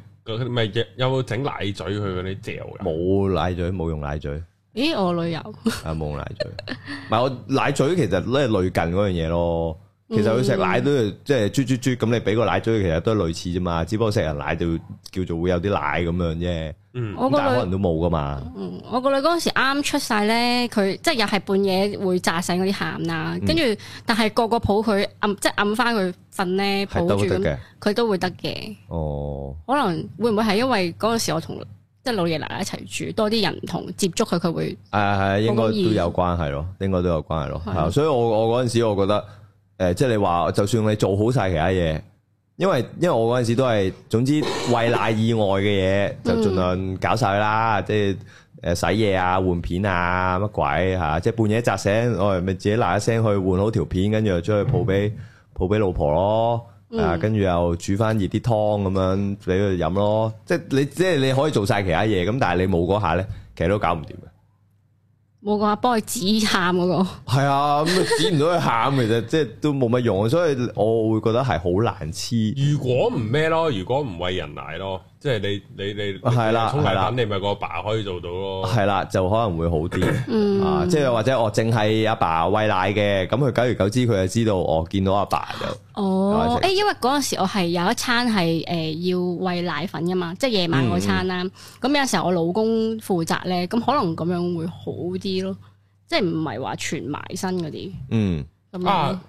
S3: 咪有冇整奶嘴去？嗰啲嚼嘅？冇奶嘴，冇用奶嘴。
S2: 咦，我旅遊。
S3: 啊，冇用奶嘴。唔係 我奶嘴，其實咧係類近嗰樣嘢咯。其實佢食奶都即係啜啜啜，咁、就是、你俾個奶嘴，其實都係類似啫嘛，只不過食人奶就叫做會有啲奶咁樣啫。嗯，但可能都冇噶嘛。嗯，
S2: 我個女嗰陣時啱出世咧，佢即係又係半夜會炸醒嗰啲喊啦，跟住但係個個抱佢，即係按翻佢瞓咧，抱住佢都會得嘅。哦、嗯，可能會唔會係因為嗰陣時我同即係老爺奶奶一齊住，多啲人同接觸佢，佢會
S3: 誒係應該都有關係咯，應該都有關係咯。係，所以我我嗰陣時我覺得。誒，即係你話，就算你做好晒其他嘢，因為因為我嗰陣時都係，總之喂奶以外嘅嘢就盡量搞晒啦，即係誒洗嘢啊、換片啊乜鬼吓，即係半夜一扎醒，我咪自己嗱一聲去換好條片，跟住又出去抱俾抱俾老婆咯，啊跟住又煮翻熱啲湯咁樣俾佢飲咯，嗯、即係你即係你可以做晒其他嘢，咁但係你冇嗰下咧，其實都搞唔掂嘅。
S2: 冇個話幫佢止喊嗰個，
S3: 係、那個、 啊，咁止唔到佢喊其實即係都冇乜用，所以我會覺得係好難黐。如
S1: 果唔咩咯，如果唔餵人奶咯。即係你你你係啦，沖奶粉啦你咪個爸爸可以做到咯。係
S3: 啦，就可能會好啲。嗯 啊，即係或者我淨係阿爸餵奶嘅，咁佢久而久之佢就知道我見到阿爸就
S2: 哦誒，因為嗰陣時我係有一餐係誒要餵奶粉噶嘛，嗯、即係夜晚嗰餐啦。咁有時候我老公負責咧，咁可能咁樣會好啲咯。即係唔係話全埋身嗰啲。嗯、
S1: 咁、啊，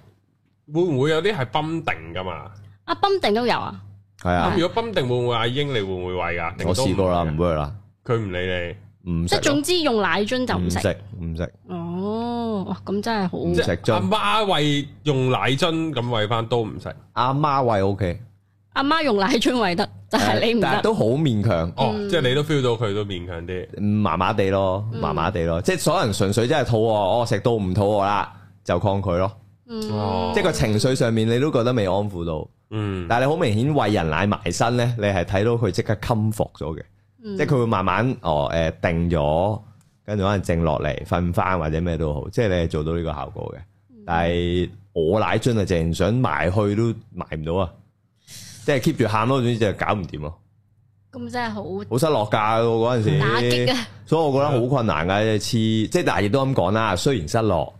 S1: 會唔會有啲係泵定噶嘛？
S2: 啊，泵定都有啊。
S1: 係啊，如果泵定會唔會阿英？你會唔會喂噶？我試過啦，唔 work 啦，佢唔理你，唔食。即係總
S2: 之用奶樽就唔食，唔食。哦，咁真係好。食。
S1: 阿媽喂用奶樽咁喂翻都唔食。阿媽喂 OK，
S2: 阿媽用奶樽喂得，但係你唔得。都
S1: 好勉強哦，即係你都 feel 到佢都勉強啲，
S3: 麻麻地咯，麻麻地咯，即係所有人純粹真係肚餓，我食到唔肚餓啦，就抗拒咯。哦，嗯、即係個情緒上面你都覺得未安撫到。嗯，但係你好明顯喂人奶埋身咧，你係睇到佢即刻襟伏咗嘅。嗯、即係佢會慢慢哦誒、呃、定咗，跟住可能靜落嚟瞓翻或者咩都好，即係你係做到呢個效果嘅。嗯、但係我奶樽啊，淨想埋去都埋唔到啊，即係 keep 住喊咯，總之就搞唔掂咯。
S2: 咁真係好，
S3: 好失落架嗰陣時，打擊。所以我覺得好困難嘅一次，即係但係亦都咁講啦，雖然失落。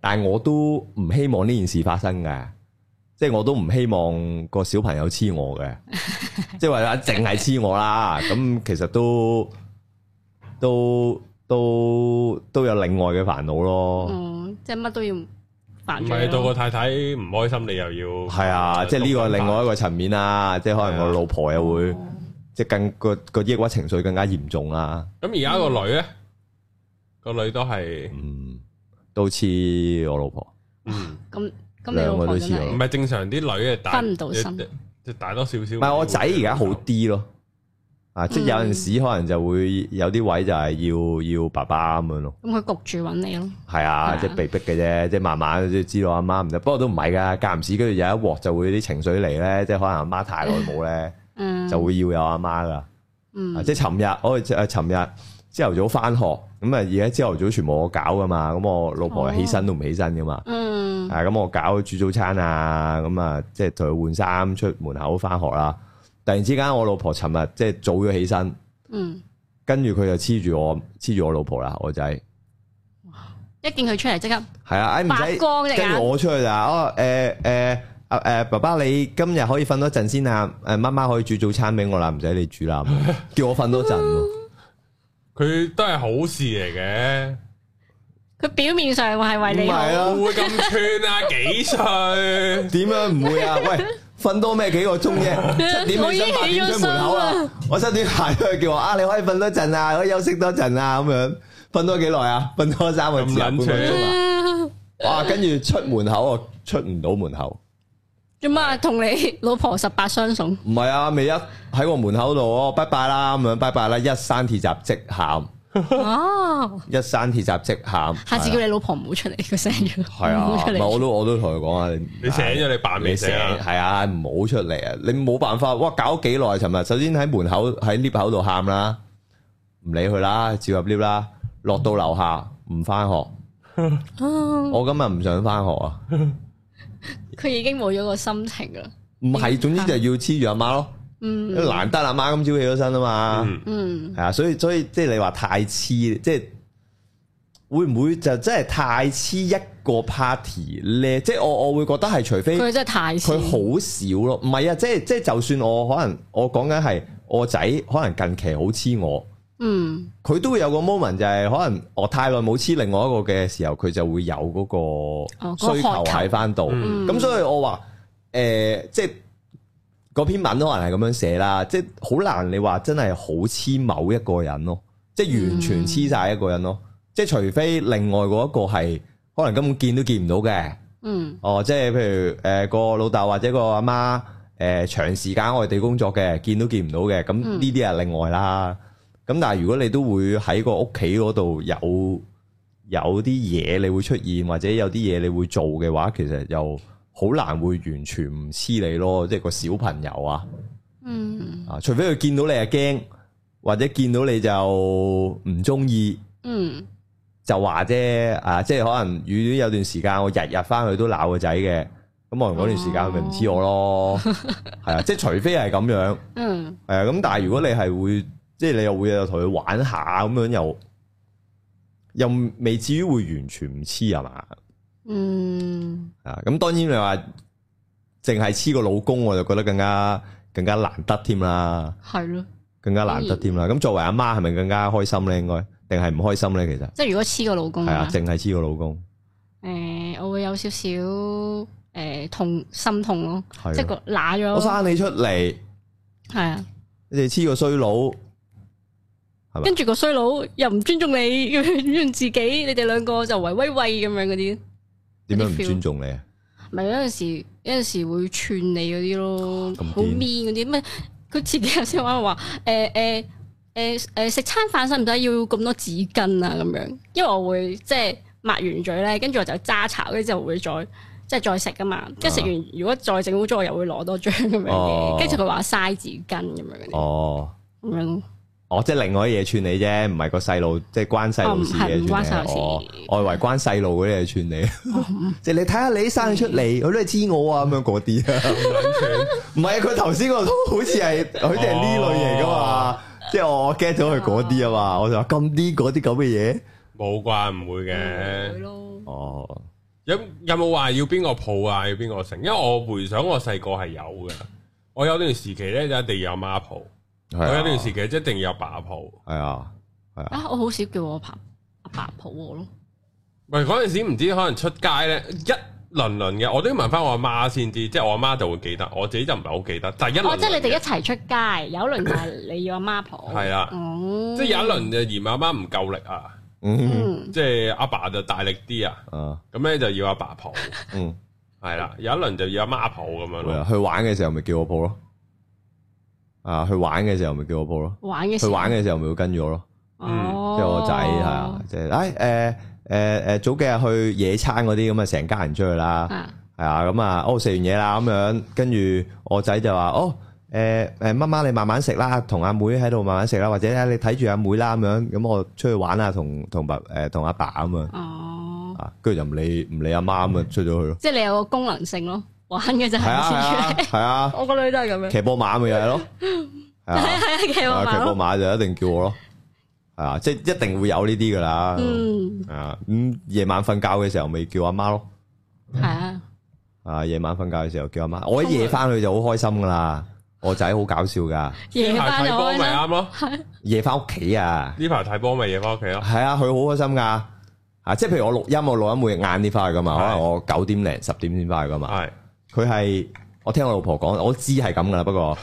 S3: 但係我都唔希望呢件事發生嘅，即係我都唔希望個小朋友黐我嘅， 即係話淨係黐我啦。咁 其實都都都都有另外嘅煩惱咯。
S2: 哦、嗯，即係乜都要煩。唔係到個太太
S1: 唔開心，你又要係啊？即係呢個係另外
S3: 一個層面啦、啊。即係、啊、可能我老婆又會、嗯、即係更個個抑鬱情緒更加嚴重啦、
S1: 啊。咁而家個女咧，個女都係。
S3: 都似我老婆，嗯，
S1: 咁，咁你兩個都似我，唔係正常啲女啊，大分唔到心，即係大多少少。唔係我仔而家
S3: 好啲咯，啊，即係有陣時可能就會有啲位就係要要爸爸咁樣咯。
S2: 咁佢焗住揾你咯。
S3: 係啊，啊即係被逼嘅啫，即係慢慢即知道阿媽唔得，不過都唔係噶，間唔時跟住有一鑊就會啲情緒嚟咧，即係可能阿媽太耐冇咧，嗯，就會要有阿媽噶。
S4: 嗯，即係尋
S3: 日，哦，即尋日。朝頭早翻學咁啊，而家朝頭早全部我搞噶嘛，咁、哦、我老婆起身都唔起身噶嘛，嗯、啊咁我搞煮早餐啊，咁啊即係同佢換衫出門口翻學啦。突然之間我老婆尋日即係早咗起身，跟住佢就黐住我、黐住我老婆啦，我仔
S2: 哇一見佢出嚟即刻
S3: 係啊，唔使跟住我出去咋？哦誒、誒、啊、誒、啊啊啊啊啊啊啊啊，爸爸你今日可以瞓多陣先啊？誒，媽媽可以煮早餐俾我啦，唔使你煮啦，叫我瞓多陣。
S1: 佢都係好事嚟嘅，
S2: 佢表面上係為
S1: 你好，唔會咁串啊？幾歲？點樣唔會啊？喂，
S3: 瞓多咩幾個鐘啫？ 七點我起身八點出門口啦、啊。 我七點爬出去叫我啊，你可以瞓多陣啊，可以休息多陣啊，咁樣瞓多幾耐啊？瞓多三個字半個鐘啊？哇！跟住出門口，我出唔到門口。
S2: 做乜呀同你老婆十八相送？
S3: 唔係啊，未一喺我門口度，拜拜啦咁樣，拜拜啦！一閂鐵閘即喊， 一閂鐵閘即喊。 下次叫
S2: 你老婆唔好出嚟，佢醒咗，唔好、啊、出嚟。唔係我
S3: 都我都同佢講啊，你醒咗、哎、你扮未醒啊？係啊，唔好出嚟啊！你冇辦法，哇搞幾耐？尋日首先喺門口喺 lift 口度喊啦，唔理佢啦，照入 lift 啦。落到樓下唔返學， 我今日唔想返學啊！
S2: 佢已經冇咗個心情啦，
S3: 唔係是，是總之就要黐住阿媽咯。
S4: 嗯，難
S3: 得阿媽咁早起咗身啊嘛。嗯，係啊、嗯，所以所以即係你話太黐，即係會唔會就真係太黐一個 party 咧？即係我我會覺得係，除非佢真係太黐，佢好少咯。唔係啊，即係即係，就算我可能我講緊係我仔，可能近期好黐我。嗯，佢都會有個 moment 就係可能我太耐冇黐另外一個嘅時候，佢就會有嗰個需求喺翻度。咁、哦那個嗯、所以我話誒，即係嗰篇文可能係咁樣寫啦。即係好難你話真係好黐某一個人咯，即係完全黐晒一個人咯。即係、嗯、除非另外嗰一個係可能根本見都見唔到嘅。嗯，哦，即係譬如誒、呃嗰個老豆或者個阿媽誒、呃、長時間外地工作嘅，見都見唔到嘅。咁呢啲係另外啦。咁但係如果你都會喺個屋企嗰度有有啲嘢你會出現或者有啲嘢你會做嘅話，其實又好難會完全唔黐你咯，即係個小朋友啊，
S4: 嗯啊，
S3: 除非佢見到你啊驚，或者見到你就唔中意，嗯，就話啫啊，即係可能如果有段時間我日日翻去都鬧個仔嘅，咁可能嗰段時間咪唔黐我咯，係、哦、 啊，即係除非係咁樣，嗯，係啊，咁但係如果你係會。即係你又會又同佢玩下咁樣，又又未至於會完全唔黐係嘛？
S2: 嗯，
S3: 啊。咁當然你話淨係黐個老公，我就覺得更加更加難得添啦。
S2: 係咯，
S3: 更加難得添啦。咁作為阿媽，係咪更加開心咧？應該定係唔開心咧？其實
S2: 即係如果黐個老公，係啊，
S3: 淨係黐個老公。
S2: 誒，我會有少少誒痛心痛咯，即係個乸咗。我生你出嚟，係
S3: 啊，你哋黐個衰佬。跟
S2: 住個衰佬又唔尊重你，尊重自己，你哋兩個就威威威咁樣嗰啲。
S3: 點解唔尊重你
S2: 啊？唔係有陣時，有陣時會串你嗰啲咯，好 mean 嗰啲咩？佢自己有時話話誒誒誒誒食餐飯使唔使要咁多紙巾啊？咁樣，因為我會即係抹完嘴咧，跟住我就揸巢，跟住之後會再即係再食噶嘛。跟住食完如果再整污糟，我又會攞多張咁樣，哦哦。跟住佢話嘥紙巾咁樣
S3: 啲。哦，咁樣。哦，即係另外一嘢串你啫，唔係個細路，即係關細路事嘅串你。我以為關細路嗰啲嘢串你，即係你睇下你生出嚟，佢都係知我啊咁樣嗰啲啊，
S1: 唔係啊。佢頭先我好似係，好似係呢類型噶嘛，
S3: 即係我 get 咗佢嗰啲啊嘛，我就話咁啲嗰啲咁嘅嘢
S1: 冇啩，唔會嘅。哦，有有冇話要邊個抱啊？要邊個成？因為我回想我細個係有嘅，我有段時期咧就一定有媽抱。嗰一段時期，即一定要阿爸抱，係啊，係啊。
S2: 啊，我好少叫我阿爸阿爸抱我咯。
S1: 喂，嗰陣時唔知可能出街咧，一輪輪嘅，我都要問翻我阿媽先知，即係我阿媽就會記得，我自己就唔係好記得。但一輪。哦，即係你哋
S2: 一齊出街，有一輪就你要阿媽抱。係啦，
S1: 即係有一輪就嫌阿媽唔夠力啊，即係阿爸就大力啲啊，咁咧就要阿爸抱。嗯，係啦，有一輪就要阿媽抱咁樣。係啊，去玩
S3: 嘅時候咪叫我抱咯。啊，去玩嘅時候咪叫我抱咯，玩嘅，去玩嘅時候咪會跟住我咯。哦，即係我仔係啊，即係，哎誒誒誒，早幾日去野餐嗰啲咁啊，成家人出去啦，係啊，啊，咁、嗯、啊，哦，食完嘢啦咁樣，跟住我仔就話，哦，誒、呃、誒，媽媽你慢慢食啦，同阿妹喺度慢慢食啦，或者你睇住阿妹啦咁樣，咁我出去玩、呃爸爸哦、啊，同同伯誒同阿爸啊嘛，哦，跟住就唔理唔理阿媽咁啊，出咗去咯。
S2: 即係你有個功能性咯。玩嘅就係啊，係啊，我個女都係咁
S4: 樣，騎
S3: 波馬咪又係咯，係啊，
S4: 係啊，騎波馬騎波馬
S3: 就一定叫我咯，係啊，即係一定會有呢啲噶啦，啊，咁夜晚瞓覺嘅時候咪叫阿媽咯，係啊，啊夜晚瞓覺嘅時候叫阿媽，我一夜翻去就好開心噶啦，我仔好搞笑噶，夜睇波咪啱咯，夜翻屋企啊，
S1: 呢排睇波咪夜翻屋企咯，
S3: 係啊，佢好開心噶，啊，即係譬如我錄音，我錄音會晏啲翻去噶嘛，可能我九點零十點先翻去噶嘛，係。佢係我聽我老婆講，我知係咁噶啦。不過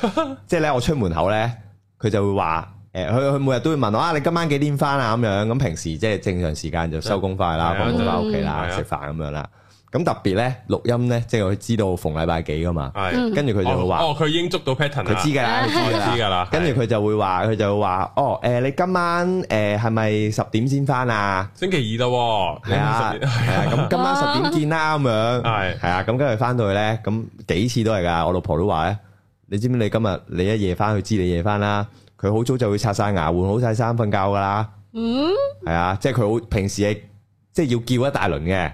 S3: 即係咧，我出門口咧，佢就會話，誒，佢佢每日都會問我，啊，你今晚幾點翻啊？咁樣咁平時即係正常時間就收工快啦，翻屋企啦，食飯咁樣啦。咁特別咧，錄音咧，即係佢知道逢禮拜幾㗎嘛。係的，跟住佢就會話，哦。哦，
S1: 佢已經捉到 pattern，佢知㗎啦，佢、啊、知㗎啦。
S3: 跟住佢就會話，佢就會話，哦，誒、呃，你今晚誒係咪十點先翻啊？
S1: 星期二啦，係啊，係啊。
S3: 咁今晚十點見啦，咁樣哇。係，係啊。咁跟住翻到去咧，咁幾次都係㗎。我老婆都話咧，你知唔知你今日你一夜翻去知你夜翻啦？佢好早就會刷晒牙，換好晒衫，瞓覺㗎啦。
S4: 嗯。
S3: 係啊，即係佢好平時係，即係要叫一大輪嘅。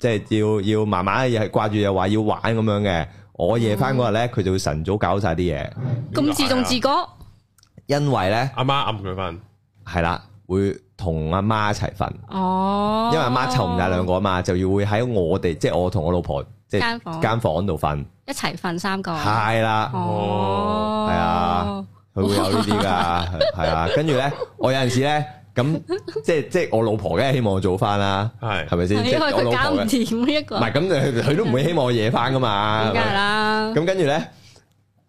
S3: 即係要要慢慢掛又係掛住又話要玩咁樣嘅，我夜翻嗰日咧，佢、嗯、就會晨早搞晒啲嘢。
S2: 咁自動自覺。
S3: 因為咧，阿媽暗佢瞓係啦，會同阿媽一齊瞓。
S2: 哦。因為阿媽湊唔晒
S3: 兩個啊嘛，就要會喺我哋即係我同我老婆即係間房間房
S2: 度瞓。一齊瞓
S3: 三個。係啦的。哦。係啊的，佢、哦、會有呢啲噶，係啊哇。跟住咧，我有陣時咧。咁即係即係我老婆梗係希望我早翻啦，係係咪先即係我老婆嘅？唔係咁，佢佢都唔會希望我夜翻噶嘛，梗係啦。咁跟住咧，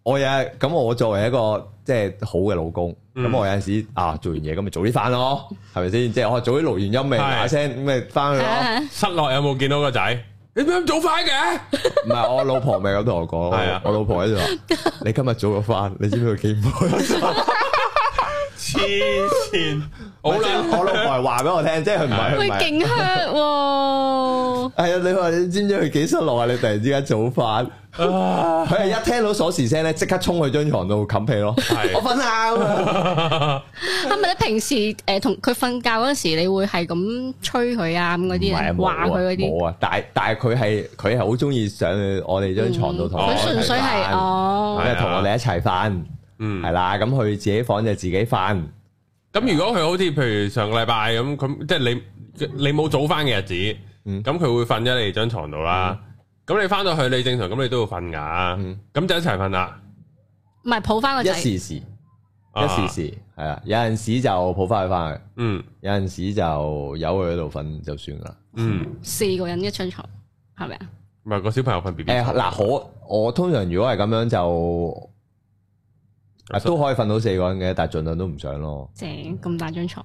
S3: 我又咁，我作為一個即係好嘅老公，咁我有陣時啊做完嘢咁咪早啲翻咯，係咪先？即係我早啲錄完音咪，大聲咁咪翻去咯。室
S1: 內有冇見到個仔？你點樣早翻嘅？
S3: 唔係我老婆咪咁同我講，係啊，我老婆喺度話，你今日早咗翻，你知唔知佢幾唔開
S1: 心？
S4: 黐線！
S3: 好啦，我老婆話俾我聽，即係唔係佢咪勁勁香喎？係啊，你話你知唔知佢幾失落啊？你突然之間早返，佢係一聽到鎖匙聲咧，即刻衝去張床度冚被咯。我瞓啦。
S2: 係咪咧？平時誒，同佢瞓覺嗰時，你會係咁吹佢啊？咁嗰啲話佢嗰啲冇
S3: 啊！但係但係佢係佢係好中意上去我哋張床度同佢純粹係哦，即係同我哋一齊瞓。嗯，係啦，咁佢自己房就自己瞓。
S1: 咁如果佢好似譬如上個禮拜咁，咁即係你你冇早翻嘅日子，咁佢、嗯、會瞓咗你張床度啦。咁、嗯、你翻到去你正常，咁你都要瞓㗎。咁、嗯、就一齊瞓啦。
S2: 唔係抱翻個仔。一時
S1: 時，一時時係啊。有陣
S3: 時就抱翻佢翻去。嗯。有陣時就由佢喺度瞓就算啦。嗯。
S2: 四個人一張床，係咪啊？
S3: 唔係、個小朋友瞓 B B。嗱、呃呃，我我通常如果係咁樣就。都可以瞓到四個人嘅，但係盡量都唔想咯。
S2: 即咁大張床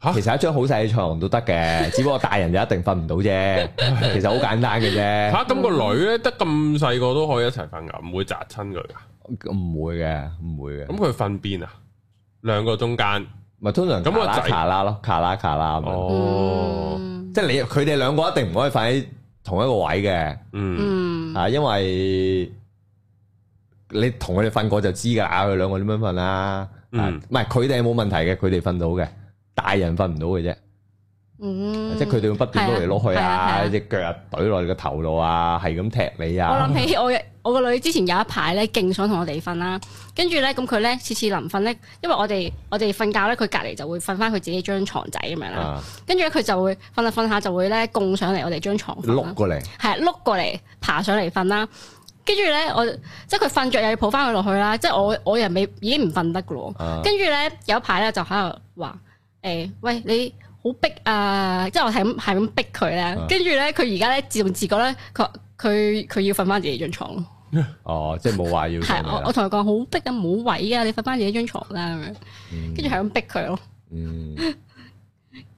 S3: 吓，其實一張好細嘅床都得嘅，只不過大人就一定
S1: 瞓唔到啫。其實好簡單嘅啫。吓，咁個女咧，得咁細個都可以一齊瞓噶，唔會扎親佢噶，唔會嘅，唔會嘅。咁佢瞓邊啊？兩個中間咪通常卡拉卡拉咯，卡拉卡拉。哦，即係你
S3: 佢哋兩個一定唔可以瞓喺同一個位嘅。嗯，啊，因為。你同佢哋瞓過就知噶，佢兩個點樣瞓啦，啊？嗯，唔係佢哋係冇問題嘅，佢哋瞓到嘅，大人瞓唔到嘅啫。
S2: 嗯，
S4: 即係佢哋會不斷
S3: 碌嚟碌去啊，隻腳懟落你個頭度啊，係咁，啊啊啊，踢你啊！我諗起
S2: 我我個女之前有一排咧，勁想同我哋瞓啦，跟住咧咁佢咧次次臨瞓咧，因為我哋我哋瞓覺咧，佢隔籬就會瞓翻佢自己張床仔咁樣啦。跟住咧佢就會瞓下瞓下就會咧拱上嚟我哋張床碌過嚟，係碌、啊、過嚟爬上嚟瞓啦。跟住咧，我即係佢瞓着，又要抱翻佢落去啦。即係我我又未已經唔瞓得噶咯。跟住咧有一排咧就喺度話誒，喂，你好逼啊！即係我係咁係咁逼佢咧。跟住咧佢而家咧自動自覺咧，佢佢佢要瞓翻自己張床
S3: 咯。哦，即係冇話要係我我同
S2: 佢講好逼啊，冇位啊，你瞓翻自己張床啦咁樣。跟住係咁逼佢咯。嗯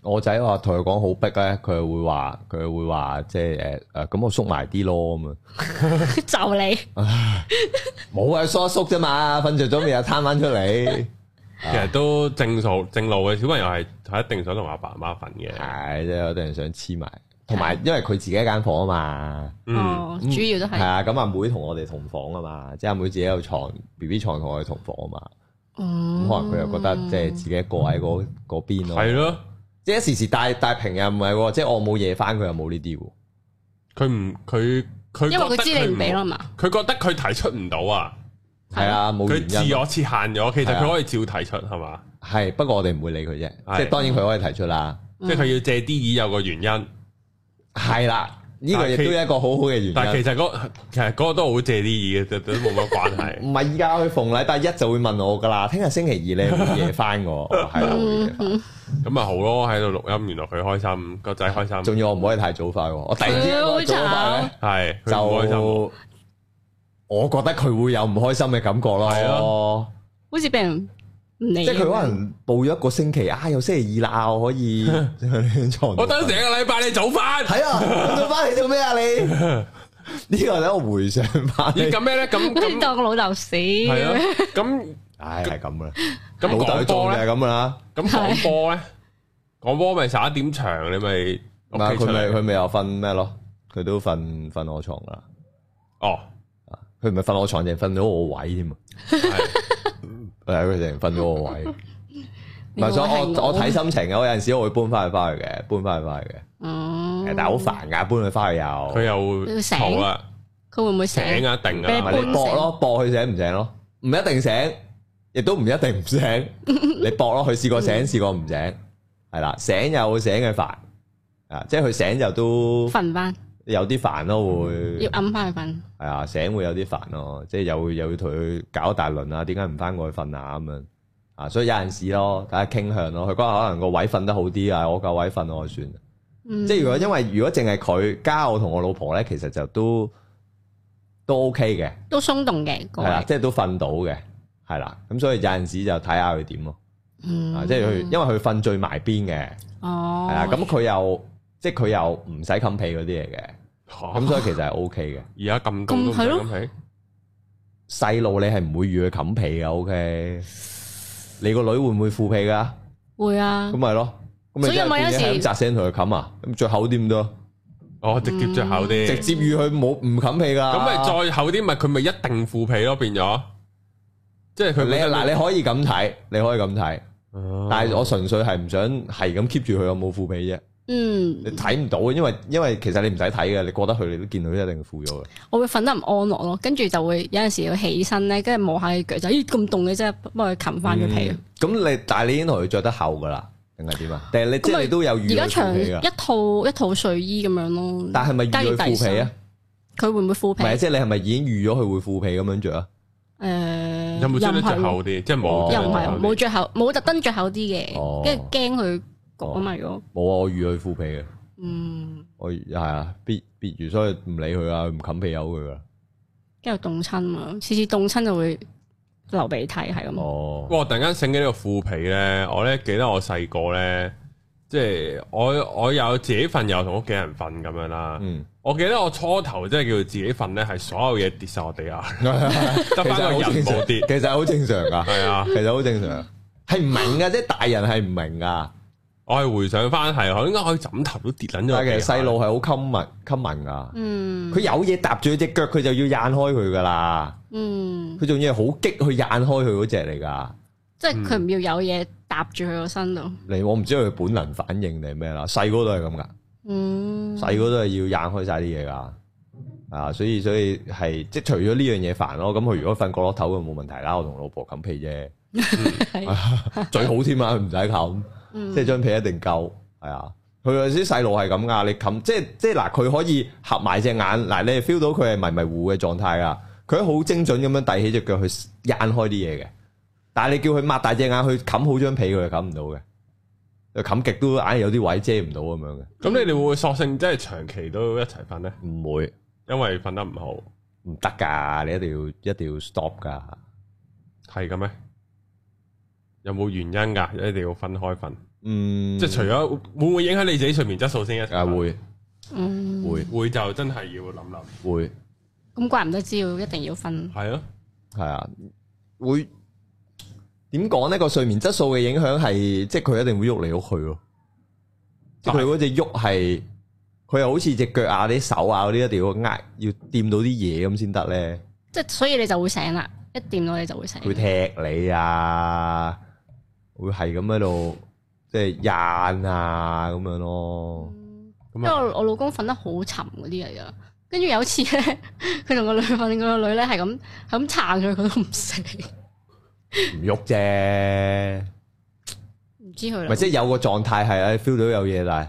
S3: 我仔話同佢講好逼咧，佢會話佢會話即係誒誒，咁我縮埋啲咯咁啊。就你冇啊縮縮啫嘛，瞓着咗咪又攤翻出嚟。其實都正數正路嘅小朋友係係一定想同阿爸阿媽瞓嘅，即係有啲人想黐埋，同埋因為佢自己一間房啊嘛。哦，主要都係係啊。咁阿妹同我哋同房啊嘛，即係阿妹自己有床 BB 床同我哋同房啊嘛。
S4: 哦，咁可能佢又覺得即係
S3: 自己一個喺嗰嗰邊咯。係咯。即係時時帶帶平啊，唔係，即係我冇嘢
S1: 翻佢又冇呢啲喎，佢唔佢佢因為佢知你唔俾啦嘛，佢覺得佢提出唔到啊，係啊冇原因，佢自我設限咗，其實佢可以照提出係嘛，係、啊、吧不過我哋唔會理佢啫，啊、即係當然佢可以提出啦，啊嗯、即係佢要借啲已有個原因，係啦、嗯。呢個亦都係一個好好嘅原因，但係其實嗰其實嗰個都好借啲意
S3: 嘅，都冇乜關係。唔係依家佢逢禮拜一就會問我噶啦，聽日星期二咧夜翻
S1: 我，係啦，咁咪好咯，喺度錄音，原來佢開心，個仔開心，仲要我唔可以太早翻喎，我突然之間早翻咧，係就我
S3: 覺得佢會有唔開心嘅感覺咯，係咯，
S2: 好似病。即係佢可能
S3: 報咗一個星期啊，有星期二啦，我可以喺床。我
S1: 當時一個禮拜你走翻，係啊，翻嚟做咩啊？你
S3: 呢個係一個回想版。你咁
S1: 咩
S2: 咧？咁咁當老豆死。係啊。咁
S1: 唉係咁噶啦。咁講做咧係咁噶啦。咁講波咧，講波咪十一點長？你咪佢咪佢
S3: 咪又瞓咩咯？佢都瞓瞓我床噶。哦，啊，佢唔係瞓我床，淨係瞓咗我位添啊。係佢成日瞓咗個位，唔係所以我我睇心情嘅。我有陣時我會搬翻去翻去嘅，搬翻去翻去
S2: 嘅。哦，但係好煩
S3: 噶，搬去翻去又佢又會醒好啦，
S2: 佢會唔會醒啊？定啊？你搏咯，
S3: 搏佢醒唔醒咯？唔一定醒，亦都唔一定唔醒。你搏咯，佢試過醒，試過唔醒，係啦，醒又醒嘅煩啊，即係佢醒就都瞓唔翻。有啲煩咯，會要暗翻去瞓。係啊對，醒會有啲煩咯， 即係又會又要同佢搞大輪啊？點解唔翻過去瞓啊？咁樣啊，所以有陣時咯，大家傾向咯。佢嗰下可能個位瞓得好啲啊，我個位瞓我算。嗯、
S4: 即係如果因
S3: 為如果淨係佢加我同我老婆咧，其實就都都 OK 嘅，都
S2: 鬆動嘅，係啦，
S3: 即係都瞓到嘅，係啦。咁所以有陣時就睇下佢點咯，
S4: 啊，即係佢、嗯
S3: 啊、因為佢瞓最埋邊嘅，
S2: 哦，
S4: 係啊，
S3: 咁佢又即係佢又唔使冚被嗰啲嘢嘅。咁所以其實係 O K 嘅，而家咁咁係囉。細路你係唔會預佢冚被嘅 O K，你個女會唔會腐皮噶？
S2: 會啊。咁咪咯，咁咪一扎
S3: 聲同佢冚啊，咁再厚啲咁多。
S1: 哦，直接再厚啲，直接
S3: 預佢冇唔冚被噶。咁咪再
S1: 厚啲，咪佢咪一定腐皮咯，變咗。即係佢你嗱，你可以咁睇，你可以咁睇，
S3: 但係我純粹係唔想係咁 keep 住佢冇腐皮啫。嗯，你睇唔到，因為因為其實你唔使睇嘅，你過得去你都見到一定會腐咗嘅。
S2: 我會瞓得唔安樂咯，跟住就會有陣時要起身咧，跟住摸下腳仔就咦咁凍嘅啫，幫佢冚翻佢皮。
S3: 咁你但係你已經同佢着得厚噶啦，定係點啊？定係你即係都有預而家長一
S2: 套一套睡衣咁樣咯。但係咪預腐皮啊？佢會唔會腐皮？唔係，即係你
S3: 係咪已經預咗佢會腐皮咁樣着啊？
S2: 誒，又唔係着厚啲，
S3: 即係冇，又唔係冇
S2: 着厚，冇特登着厚啲嘅，跟住驚佢。講咪咗，
S3: 冇啊、哦！我預佢腐皮嘅，嗯、我係啊，別別住，所以唔理佢啊，唔冚被由佢噶，跟
S2: 住凍親啊，次次凍親就會流鼻涕，係咁。哦，
S1: 不過！突然間醒起呢個腐皮咧，我咧記得我細個咧，即係我我有自己瞓，又同屋企人瞓咁樣啦。我記得我初頭即係叫自己瞓咧，係所有嘢跌晒我哋啊。
S3: 得翻個枕頭跌。
S1: 其實好正常噶，係啊，
S3: 其實好正常，係唔明噶，即係大人係唔明噶。我係回想翻係，我應該可以枕頭都跌緊咗。其實細路係好襟物襟物噶，
S4: 佢、嗯、
S3: 有嘢搭住佢隻腳，佢就要掀開佢噶啦。嗯，
S2: 佢
S3: 仲要係好激去掀開佢嗰隻嚟噶，即係佢唔
S2: 要有嘢搭住佢個身咯。
S3: 你我唔知佢本能反應定咩啦，細個都係咁噶，
S4: 細個、
S3: 嗯、都係要掀開晒啲嘢噶。啊，所以所以係即係除咗呢樣嘢煩咯，咁佢如果瞓過落頭佢冇問題啦，我同老婆冚被啫， 最好添啊，唔使冚。即係張被一定夠，係啊，佢有啲細路係咁噶，你冚，即係即係嗱，佢可以合埋隻眼，嗱，你係 feel 到佢係迷迷糊嘅狀態啊。佢好精準咁樣遞起隻腳去掀開啲嘢嘅，但係你叫佢擘大隻眼去冚好張被，
S1: 佢係冚唔到嘅，佢冚極都眼有啲位遮唔到咁樣嘅。咁、嗯、你哋會索性即係長期都一齊瞓咧？唔會，因為瞓得唔好，唔得噶，你一定要一定要 stop 噶，係噶咩？有冇原因噶？一定要分開瞓，即係除咗會唔會影響你自己睡眠質素先一？啊會，
S2: 會
S1: 會就真係要諗諗。會，
S2: 咁怪唔得知要一定要瞓。
S3: 係咯，係啊，會點講呢？個睡眠質素嘅影響係，即係佢一定會喐嚟喐去咯。佢嗰隻喐係，佢又好似隻腳啊、啲手啊嗰啲，一定要壓要掂到啲嘢咁先得咧。
S2: 即係所以你就會醒啦，一掂到你就會醒。會踢
S3: 你啊！會係咁喺度，即係咽啊咁樣咯。因為
S2: 我我老公瞓得好沉嗰啲嚟噶，跟住有次咧，佢同個女瞓，個女咧係咁係咁撐佢，佢都唔醒，
S3: 唔喐啫。
S2: 唔知佢
S4: 咪即係
S3: 有個狀態係啊 feel 到有嘢啦，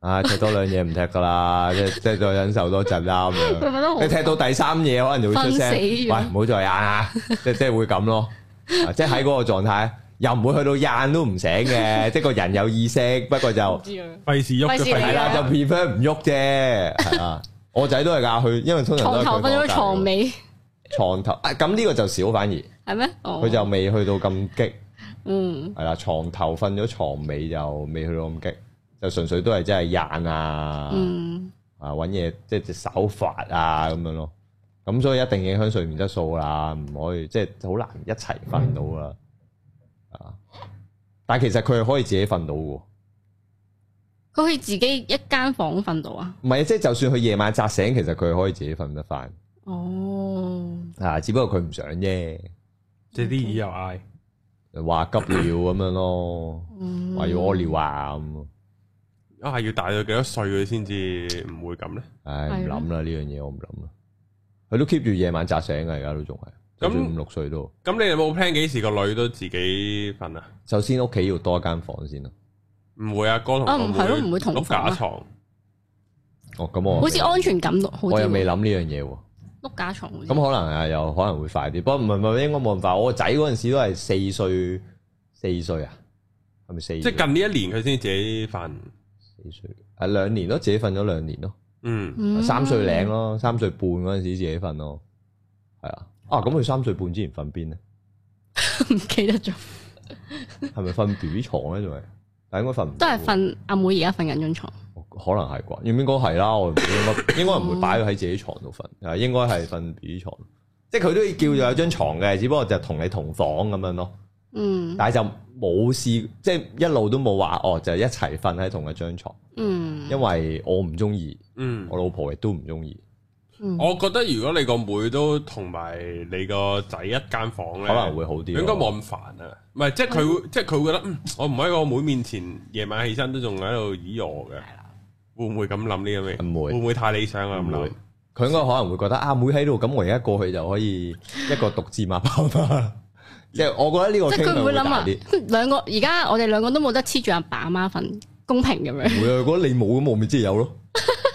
S3: 啊踢多兩嘢唔踢噶啦，即係即係再忍受多陣啦咁樣。佢瞓得好，你踢到第三嘢可能就會出聲。喂，唔好再呀，即係即係會咁咯，即係喺嗰個狀態。又唔會去到晏都唔醒嘅，即係個人有意識，不過就費事喐，係啦，就 prefer 唔喐啫。我仔都係噶，佢因為通常都係瞓咗床尾，床頭啊，咁呢個就少反而係
S2: 咩？佢就
S3: 未去到咁激，嗯，係啦，床頭瞓咗床尾就未去到咁激，就純粹都係真係晏啊，啊，搵嘢即係隻手法啊咁樣咯，咁所以一定影響睡眠質素啦，唔可以即係好難一齊瞓到啦。但其實佢係可以自己瞓到
S2: 嘅，佢可以自己一間房瞓到啊？
S3: 唔係，即係就算佢夜晚扎醒，其實佢可以自己瞓得翻。
S2: 哦，
S1: 啊，只不過佢唔想啫。即係啲耳又嗌，話急尿咁樣咯，話、嗯、要屙尿啊咁。啊，要大約幾多歲佢先至
S3: 唔會咁咧？唉，唔諗啦，呢樣嘢我唔諗啦。佢都 keep 住夜晚扎醒嘅，而家都仲係。咁五六歲都，
S1: 咁你有冇 plan 幾時個女都自己瞓啊？首先
S3: 屋企要多間房先咯，啊。唔會阿、啊、哥同我唔係咯，唔會，會同碌架、啊、床。哦，咁，嗯嗯、好像 我好似安全感，好我又未諗呢樣嘢喎。
S2: 碌架床咁可
S3: 能啊，又可能會快啲。不過唔係唔係，應該冇咁快。我個仔嗰陣時都係四歲，四歲啊，係咪四？即係近
S1: 呢一年佢先自己瞓。
S3: 四歲啊，兩年咯，自己瞓咗兩年咯。嗯，三歲零咯，三歲半嗰陣時自己瞓咯，係啊、嗯。嗯嗯啊，咁佢三歲半之前瞓邊咧？唔 記得咗。係咪瞓 B B 床咧？仲係？但應該瞓唔到，都係
S2: 瞓阿妹而家瞓緊張床。
S3: 可能係啩？應該係啦。我唔知乜，應該唔會擺佢喺自己床度瞓。啊，應該係瞓 B B 床。即係佢都要叫做有張床嘅，只不過就同你同房咁樣咯。嗯。但係就冇試，即係一路都冇話哦，就一齊瞓喺同一張床。
S1: 嗯。因
S3: 為我唔中意，嗯，我老婆亦都唔中意。
S1: 我覺得如果你個妹，妹都同埋你個仔一間房咧，可能會好啲，應該冇咁煩啊。唔係，即係佢，嗯、即係佢會覺得，嗯、我唔喺個妹面前，夜晚起身都仲喺度咿我嘅，會唔會咁諗呢樣嘢？唔妹會，會唔會太理想啊？唔
S3: 佢妹應該可能會覺得阿、啊、妹喺度，咁、啊啊、我而家過去就可以一個獨自孖包啦。爸爸媽媽 即係我覺得呢個，即係佢會諗啊，
S2: 兩個而家我哋兩個都冇得黐住阿爸阿媽份公平咁樣，
S1: 會啊覺得你冇咁我咪即係有咯。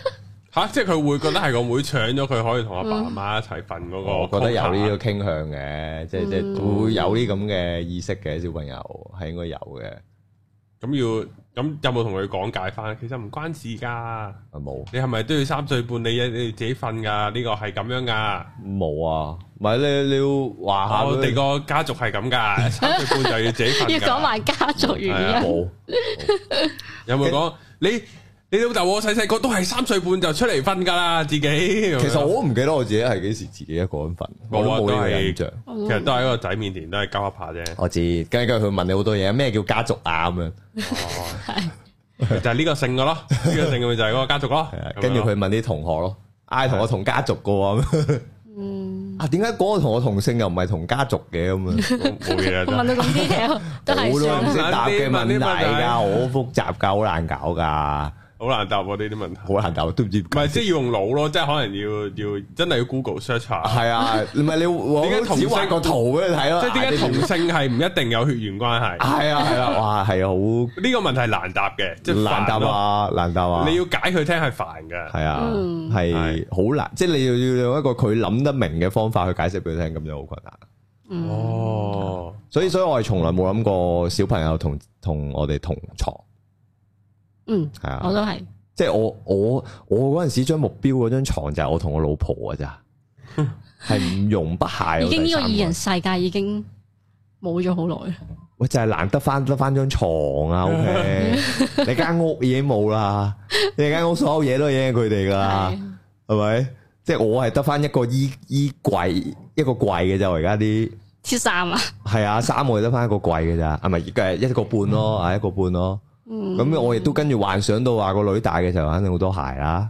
S1: 嚇！即係佢會覺得係個妹搶咗佢可以同阿爸阿媽一齊瞓嗰個，我覺得有呢個傾向嘅，即即會有呢咁嘅意識嘅小朋友係應該有嘅。咁要咁有冇同佢講解翻？其實唔關事㗎。啊冇！你係咪都要三歲半你你自己瞓㗎？呢個係咁樣㗎。冇啊！唔係你你要話下，我哋個家族係咁㗎，三歲半就要自己瞓㗎。要講
S2: 埋家族
S4: 原因。冇！
S1: 有冇講你？你老豆我細細個都係三歲半就出嚟瞓噶啦自己。其實我
S3: 唔記得我自己係幾時自己一個人瞓，我都冇呢個印象。其實都
S1: 喺個仔面前都係交下拍啫。我知，跟住佢問你好多嘢，咩叫家族啊咁樣？哦，就係呢個姓嘅咯，呢個姓嘅咪就係嗰個家族咯。係啊，
S3: 跟住佢問啲同學咯，嗌同我同家族嘅咁樣。嗯，啊，點解嗰個同我同姓又唔係同家族嘅咁啊？冇嘢。問到咁啲嘢，
S4: 都係好多唔識
S3: 答嘅問題噶，好複雜噶，好難搞噶。好難答喎呢啲問題，好難
S1: 答，都唔知唔係，即係要用腦咯，即係可能要要真係要 Google search 下，係啊，唔係你點解同性畫個圖咧？睇咯，即係點解同性係唔一定有血緣關係？係啊，係啦，哇，係好呢個問題係難答嘅，即係難答啊，難答啊，你要解佢聽係煩㗎，
S3: 係啊，係好難，即係你又要用一個佢諗得明嘅方法去解釋俾佢聽，咁樣好困難。哦，所以所以我係從來冇諗過小朋友同同我哋同床。嗯，係啊，我都係，即係我我我嗰陣時將目標嗰張床就係我同我老婆啊，咋係唔容不下已經呢個
S2: 二人世界已經冇咗好耐。
S3: 喂，就係難得翻得翻張床啊！OK，你間屋已經冇啦，你間屋所有嘢都影佢哋噶，係咪？即係我係得翻一個衣衣櫃一個櫃嘅咋，而家啲。貼衫啊？係啊，衫我哋得翻一個櫃嘅咋，係咪，而家係一個半咯，啊一個半咯。咁、嗯嗯嗯、我亦都跟住幻想到話個女大嘅時候，肯定好多鞋啦。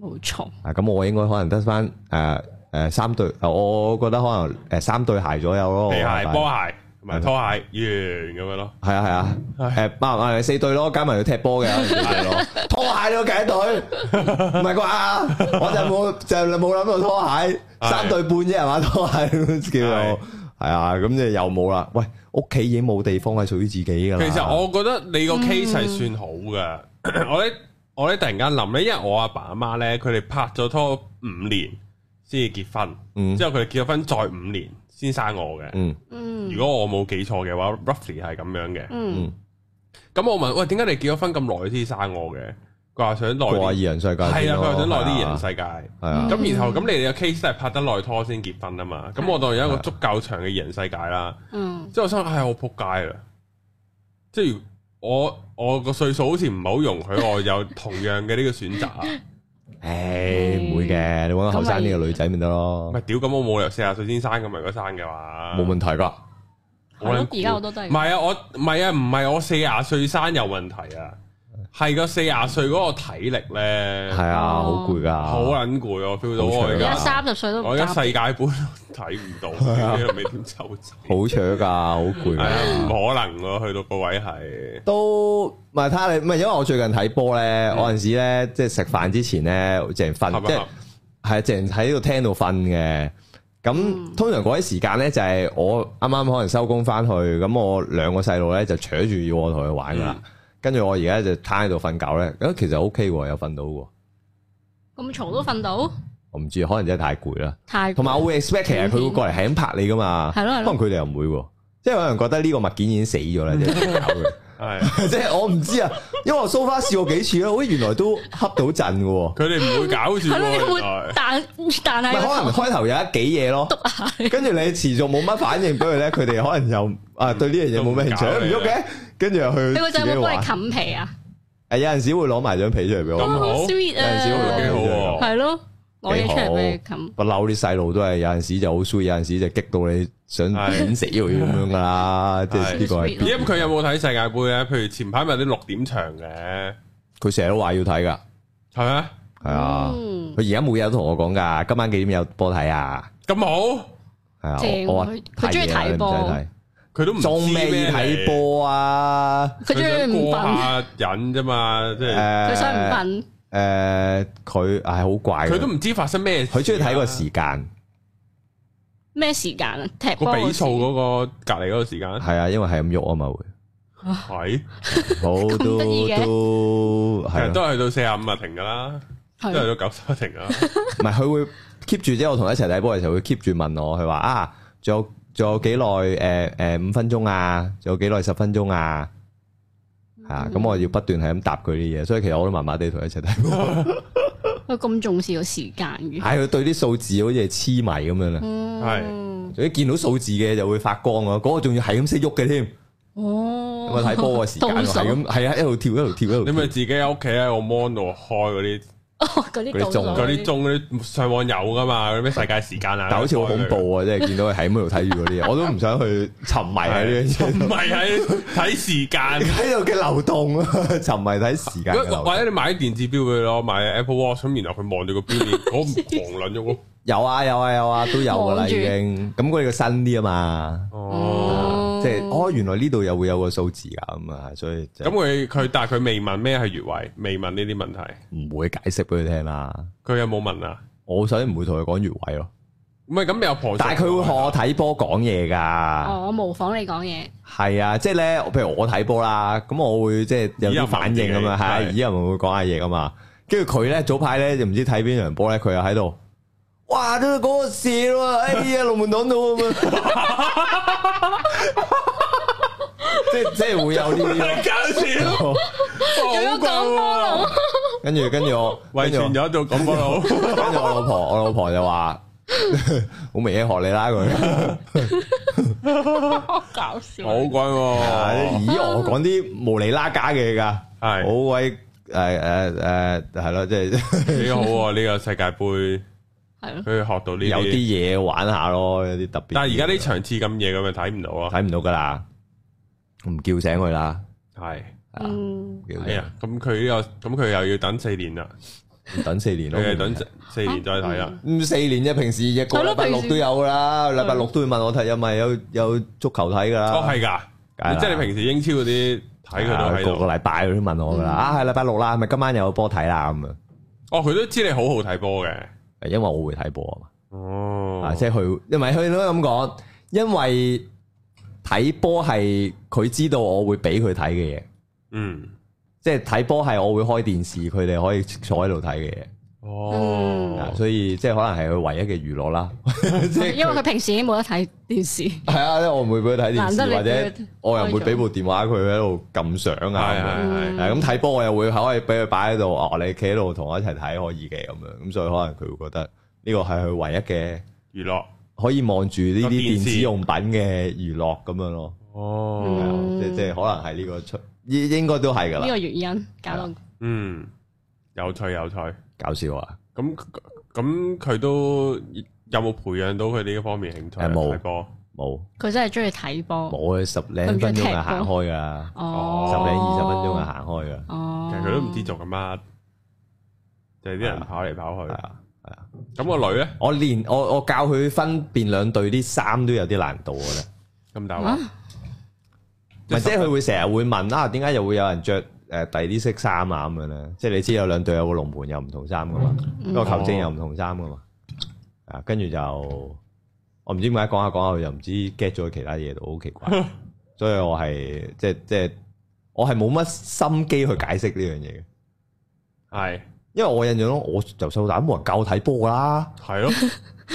S1: 冇錯錯。
S3: 啊，咁我應該可能得翻誒誒三對，我覺得可能誒三對鞋左右咯。皮鞋、波鞋同埋拖
S1: 鞋完咁樣咯。
S3: 係啊，係啊，誒、嗯，包埋四對咯，加埋要踢波嘅，對
S1: 對 拖鞋都幾對，
S3: 唔係啩？我就冇就冇、是、諗到拖鞋三對半啫，係嘛對？拖鞋叫做。係啊，咁即係又冇啦。喂，屋企已經冇地方係屬於自己噶啦。其實我
S1: 覺得你個 case 係算好噶，嗯。 我咧，我咧突然間諗咧，因為我阿爸阿媽咧，佢哋拍咗拖五年先至結婚，嗯，之後佢哋結咗婚再五年先生我嘅。嗯嗯，如果我冇記錯嘅話，roughly 係咁樣嘅。嗯，咁我問喂，點解你結咗婚咁耐先生我嘅？佢話想耐啲，佢話二人世界，係啊，佢話想耐啲二人世界，係啊。咁然後咁你哋嘅 case 都係拍得耐拖先結婚啊嘛。咁我當有一個足夠長嘅二人世界啦。嗯，即係我想諗，係我撲街啦。即係我我個歲數好似唔係好容許我有同樣嘅呢個選擇。誒，唔會嘅，你揾個後生啲嘅女仔咪得咯。唔屌咁我冇理由四啊歲先生咁，如果生嘅話，冇問題噶。而家好多都係唔係啊？我唔係啊，唔係我四啊歲生有問題啊。係個四廿歲嗰個體力咧，係啊，好攰噶，好捻攰啊！feel 到我而家三
S2: 十歲都，我而家世
S1: 界盃睇唔到，未點抽好扯噶，好攰，唔可能咯！去到個位係
S3: 都唔係睇你，唔係因為我最近睇波咧，我陣時咧即係食飯之前咧淨係瞓，即係淨係喺度聽到瞓嘅。咁通常嗰啲時間咧就係我啱啱可能收工翻去，咁我兩個細路咧就扯住要我同佢玩噶啦。跟住我而家就攤喺度瞓覺咧，咁其實 O K 喎，有瞓到喎，
S2: 咁嘈都瞓到？
S3: 我唔知，可能真係太攰啦。
S2: 太，同埋我會 expect 其實佢會過嚟
S3: 請拍你噶嘛，天天可能佢哋又唔會，即係可能覺得呢個物件已經死咗啦，即係搞 係， 即係我唔知啊，因為我梳化試過幾次啦，好似原來都恰到陣嘅。佢哋唔會搞住，但
S2: 但係可能開
S3: 頭有一幾嘢咯，跟住你持續冇乜反應俾佢咧，佢哋可能又啊對呢樣嘢冇咩興趣，唔喐嘅，跟住又去。有有你個仔會幫你冚被啊？誒、啊，有陣時會攞埋張被出嚟俾我，哦哦、有陣
S2: 時
S4: 會
S3: 幾、哦、好，係
S2: 咯。幾好，
S3: 不嬲啲細路都係有陣時就好衰，有陣
S1: 時就激到你想揾死佢咁樣噶啦。即係呢個。而家佢有冇睇世界盃咧？譬如前排咪有啲六點場嘅，佢成日都話要睇噶，係咪啊？
S3: 係啊，佢而家每日都同我講㗎，今晚幾點有波睇啊？
S1: 咁好，係啊，我話佢
S3: 中咩要睇波啊？
S2: 佢中唔瞓啊，
S1: 癮啫嘛，即係佢想唔瞓。誒，
S3: 佢係好怪，佢都唔知發生咩，啊，佢中意睇個時間，
S2: 咩時間啊？踢波比
S1: 數嗰、嗰個隔籬嗰個時間，係啊，因為係
S3: 咁喐啊嘛會，
S1: 係哇，好都都係，都係去到四十五啊停噶啦，都係到九十一停啊，
S3: 唔係佢會 keep 住，即係我同佢一齊睇波嘅時候會 keep 住問我，佢話啊，仲有仲有幾耐？誒、呃、誒、呃、五分鐘啊，仲有幾耐十分鐘啊？係咁、嗯、我要不斷係咁答佢啲嘢，所以其實我都麻麻地同佢一齊睇。
S2: 佢咁重視個時間嘅，係佢、哎、
S3: 對啲數字好似係痴迷咁樣啦，係、嗯，一見到數字嘅就會發光啊。嗰、嗰個仲要係咁識喐嘅添。
S4: 哦，手我睇波
S3: 個時間係咁，
S1: 係啊，一路跳一路跳一路。你咪自己喺屋企喺個 monitor 開嗰啲。嗰啲鐘，嗰啲鐘，嗰啲上網有噶嘛？咩世界時間啊？但好似好恐怖啊！即係
S3: 見到佢喺咁度睇住嗰啲嘢，我都唔想去沉迷喺呢啲。唔係
S1: 喺睇時間，
S3: 喺度嘅流動，沉迷睇 時間、啊 時
S1: 間啊、或者你買啲電子錶畀佢咯，買 Apple Watch 咁，然後佢望住個錶面，好 狂癲喎、啊 啊。有
S3: 啊有啊有啊，都有噶、啊、啦，已經著。咁佢要新啲啊嘛。哦、嗯。 即係，哦，原來呢度又會有個數字噶，
S1: 咁啊，所以咁佢佢，但係佢未問咩係越位，未問呢啲問題，
S3: 唔會解釋俾佢聽啦。佢有冇問啊？我首先唔會同佢講越位咯。
S1: 唔係咁又破，婆但係佢會
S3: 學我睇波講嘢噶。
S2: 哦，我模仿你講嘢。
S3: 係啊，即係咧，譬如我睇波啦，咁我會即係有啲反應咁啊，係而家咪會講下嘢噶嘛。跟住佢咧，早排咧就唔知睇邊場波咧，佢又喺度。哇！都嗰事啊！哎呀，龍門黨咁樣！即即會有啲搞笑，
S4: 好乖喎！
S3: 跟住跟住我遺傳咗做咁講，跟住我老婆，我老婆就話好明顯學你啦佢，
S4: 搞笑，好
S3: 乖喎！咦，我講啲無厘拉家嘅噶，係好鬼誒誒誒，係咯，即係幾好啊！
S1: 呢個世界杯。佢學到呢，有啲嘢玩
S3: 下咯，有啲
S1: 特別。但係而家啲場次咁夜，咁咪睇唔到啊？睇唔到噶啦，唔叫醒佢啦。係，
S4: 係啊。
S1: 咁佢呢，咁佢又要等四年啦，等四年咯，等四年再睇啦。
S3: 唔四年啫，平時一個禮拜六都有噶啦，禮拜六都會問我睇，有咪有有足球睇噶啦？哦，係噶，即係你
S1: 平時英超嗰啲睇佢哋，個個
S3: 禮拜佢都會問我噶啦。啊，係禮拜六啦，咪今晚又有波睇啦咁啊。
S1: 哦，佢都知你好好睇波嘅。
S3: 因為我會睇波、哦、啊嘛，
S1: 啊即係
S3: 佢，因為佢都咁講，因為睇波係佢知道我會俾佢睇嘅嘢，嗯，即係睇波係我會開電視，佢哋可以坐喺度睇嘅嘢。哦，所以即係可能係佢唯一嘅娛樂啦。
S2: 因為佢平時已經冇得睇電視。
S3: 係啊，我唔會俾佢睇電視，或者我又唔會俾部電話佢喺度撳相啊。係係係咁睇波，我又會可以俾佢擺喺度。哦，你企喺度同我一齊睇可以嘅咁樣。咁所以可能佢會覺得呢個係佢唯一嘅娛樂，可以望住呢啲電子用品嘅娛樂咁樣咯。哦，即係即係可能係呢個
S1: 出，應應該都係噶啦。呢個
S2: 原因搞到嗯
S1: 有趣有趣。搞笑啊！咁咁佢都有冇培養到佢呢一方面興趣睇波？冇，
S2: 佢球沒真係中意睇波。冇啊，十零分鐘啊行開
S1: 噶，
S3: 哦、十零二十分鐘啊行開噶。
S4: 哦、其實佢都唔
S3: 知做緊乜，就係啲人跑嚟跑去啊。係啊。咁個女咧？我連我我教佢分辨兩隊啲衫都有啲難度嘅咧。咁大話麼？即係佢會成日會問啦，點、啊、解又會有人着？誒，第啲色衫啊咁樣咧，即係你知有兩隊，有個龍門又唔同衫噶嘛，個球、嗯、證又唔同衫噶嘛，哦、啊跟住就我唔知點解講下講下又唔知 get 咗其他嘢，都好奇怪， 所以我係即係即係我係冇乜心機去解釋呢樣嘢，係。 因為我印象咯，我由細到大冇人教我睇波噶啦的，係咯，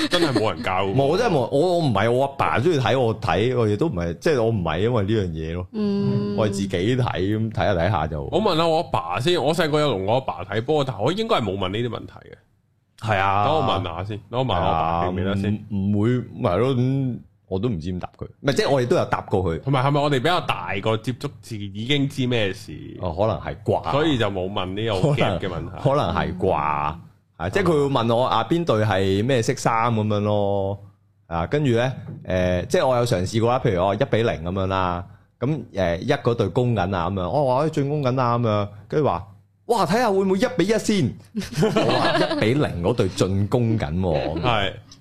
S3: 真係冇人教。冇， 真係冇，我我唔係我阿爸中意睇我睇，我亦都唔係，即係我唔係因為呢樣嘢咯。嗯，我係自己睇咁睇下睇下就。
S1: 我問下我阿爸先，我細個有同我阿爸睇波，但係我應該係冇問呢啲問題嘅。係啊，等我問下先，等我問下阿爸先，唔會，唔係咯我都唔知點答佢，唔係即係我哋都有答過佢。同埋係咪我哋比較大個接觸自己已經知咩事？哦，可能係啩，所以就冇問呢個嘅問題。可能係啩，
S3: 啊，即係佢會問我啊，邊隊係咩色衫咁樣咯？啊，跟住咧，誒，即係我有嘗試過啦，譬如我一比零咁樣啦，咁誒，一嗰隊攻緊啊，咁樣，我話進攻緊啊，咁樣，跟住話，哇，睇下會唔會一比一先，我話一比零嗰隊進攻緊，係。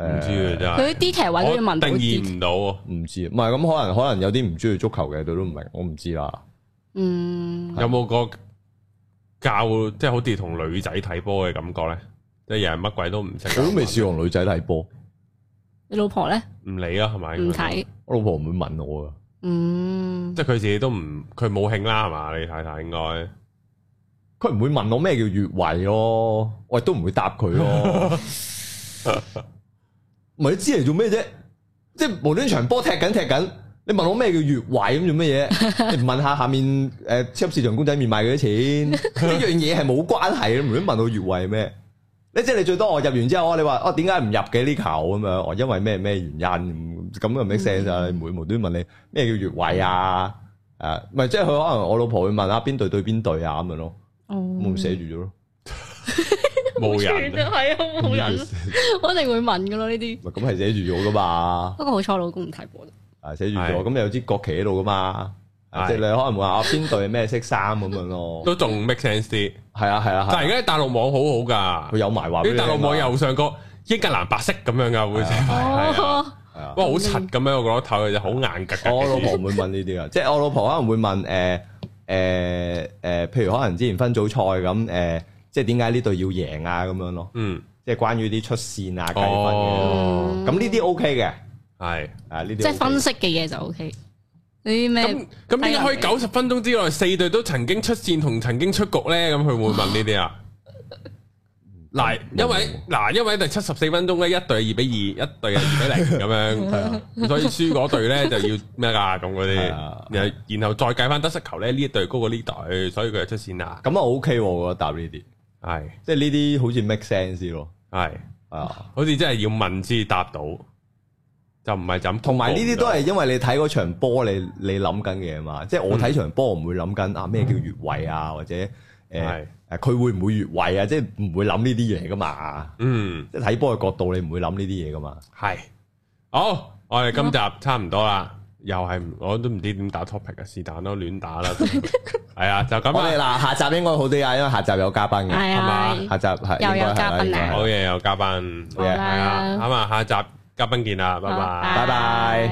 S3: 唔知啊，真係佢啲 detail 位都要問到，定義唔到，啊。唔知，唔係咁可能可能有啲
S1: 唔中意足球嘅，佢都唔明，我唔知啦。
S4: 嗯，
S1: 是有冇個教即係、就是、好似同女仔睇波嘅感覺咧？嗯、即係人乜鬼都唔識，佢都未試過同女仔睇波。
S2: 你老婆咧？
S1: 唔理啊，係咪？唔睇看。我老婆唔會問我啊。嗯，即係佢自己都唔，佢冇興啦，係嘛？你太太應該，佢唔會問我咩叫越位咯，我亦都唔會答佢咯。
S3: 唔係你知嚟做咩啫？即係無端端場波踢緊踢緊，你問我咩叫越位咁做乜嘢？你問下下面誒、呃、超級市場公仔麵賣幾多錢？呢樣嘢係冇關係嘅，唔會問到越位咩？你即係你最多我入完之後，你話哦點解唔入嘅呢球咁樣？我、啊、因為咩咩原因咁咁樣咩聲就無無端端問你咩叫越位啊？誒，唔係即係佢可能我老婆會問下邊隊對邊隊啊咁樣咯，
S4: 咪寫
S3: 住咗咯。冇人，係啊冇
S2: 人，我一定會問噶咯呢啲。
S3: 唔咁係寫住咗噶嘛？
S2: 不過好彩我老公唔睇過啫。
S3: 啊，寫住咗，咁有支國旗喺度噶嘛？即係你可能話啊，邊隊咩色衫咁樣咯？都仲 make sense 啲。
S1: 係啊係啊，但係而家大陸網好好噶，佢有埋話。啲大陸網右上角英格蘭白色咁樣噶會。哦。哇，好陳咁樣我覺得睇佢就好硬。我老婆唔
S3: 會問呢啲啊，即係我老婆可能會問誒誒誒，譬如可能之前分組賽咁誒。即係點解呢隊要贏啊咁樣咯，嗯，即係關於啲出線啊計分嘅，
S1: 咁呢啲 O K 嘅，係啊呢啲，即係分
S2: 析嘅嘢就 O K。啲咩咁咁點解可以九十
S1: 分鐘之內四隊都曾經出線同曾經出局咧？咁佢唔會問呢啲啊？嗱，因為嗱，因為第七十四分鐘咧，一隊係二比二，一隊係二比零咁樣，所以輸嗰隊咧就要咩噶咁嗰啲，然後然後再計翻得失球咧，呢一隊高過呢隊，所以佢就出線啦。咁啊 O K，我
S3: 覺得答
S1: 呢啲。係，
S3: 是即係呢啲好似 make sense 咯，
S1: 係是，啊、嗯，好似真係要問之答到，就唔係咁。同埋呢啲都係
S3: 因為你睇嗰場波，你你諗緊嘢嘛。即係我睇場波唔會諗緊、嗯、啊咩叫越位啊，嗯、或者誒誒，佢、呃、是會唔會越位啊？即係唔會諗呢啲嘢噶嘛。嗯，即係睇波嘅角度，你唔會
S1: 諗呢啲嘢噶嘛。係，好，我哋今集差唔多啦。又係，我都唔知點打 topic 啊，是但咯，亂打啦，係啊，就咁。我哋嗱，下集應該好啲啊，因為下集有嘉賓嘅，係嘛，下集係，又有嘉賓，好嘢，有嘉賓，係啊，咁啊，下集嘉賓見啦，拜拜，拜拜。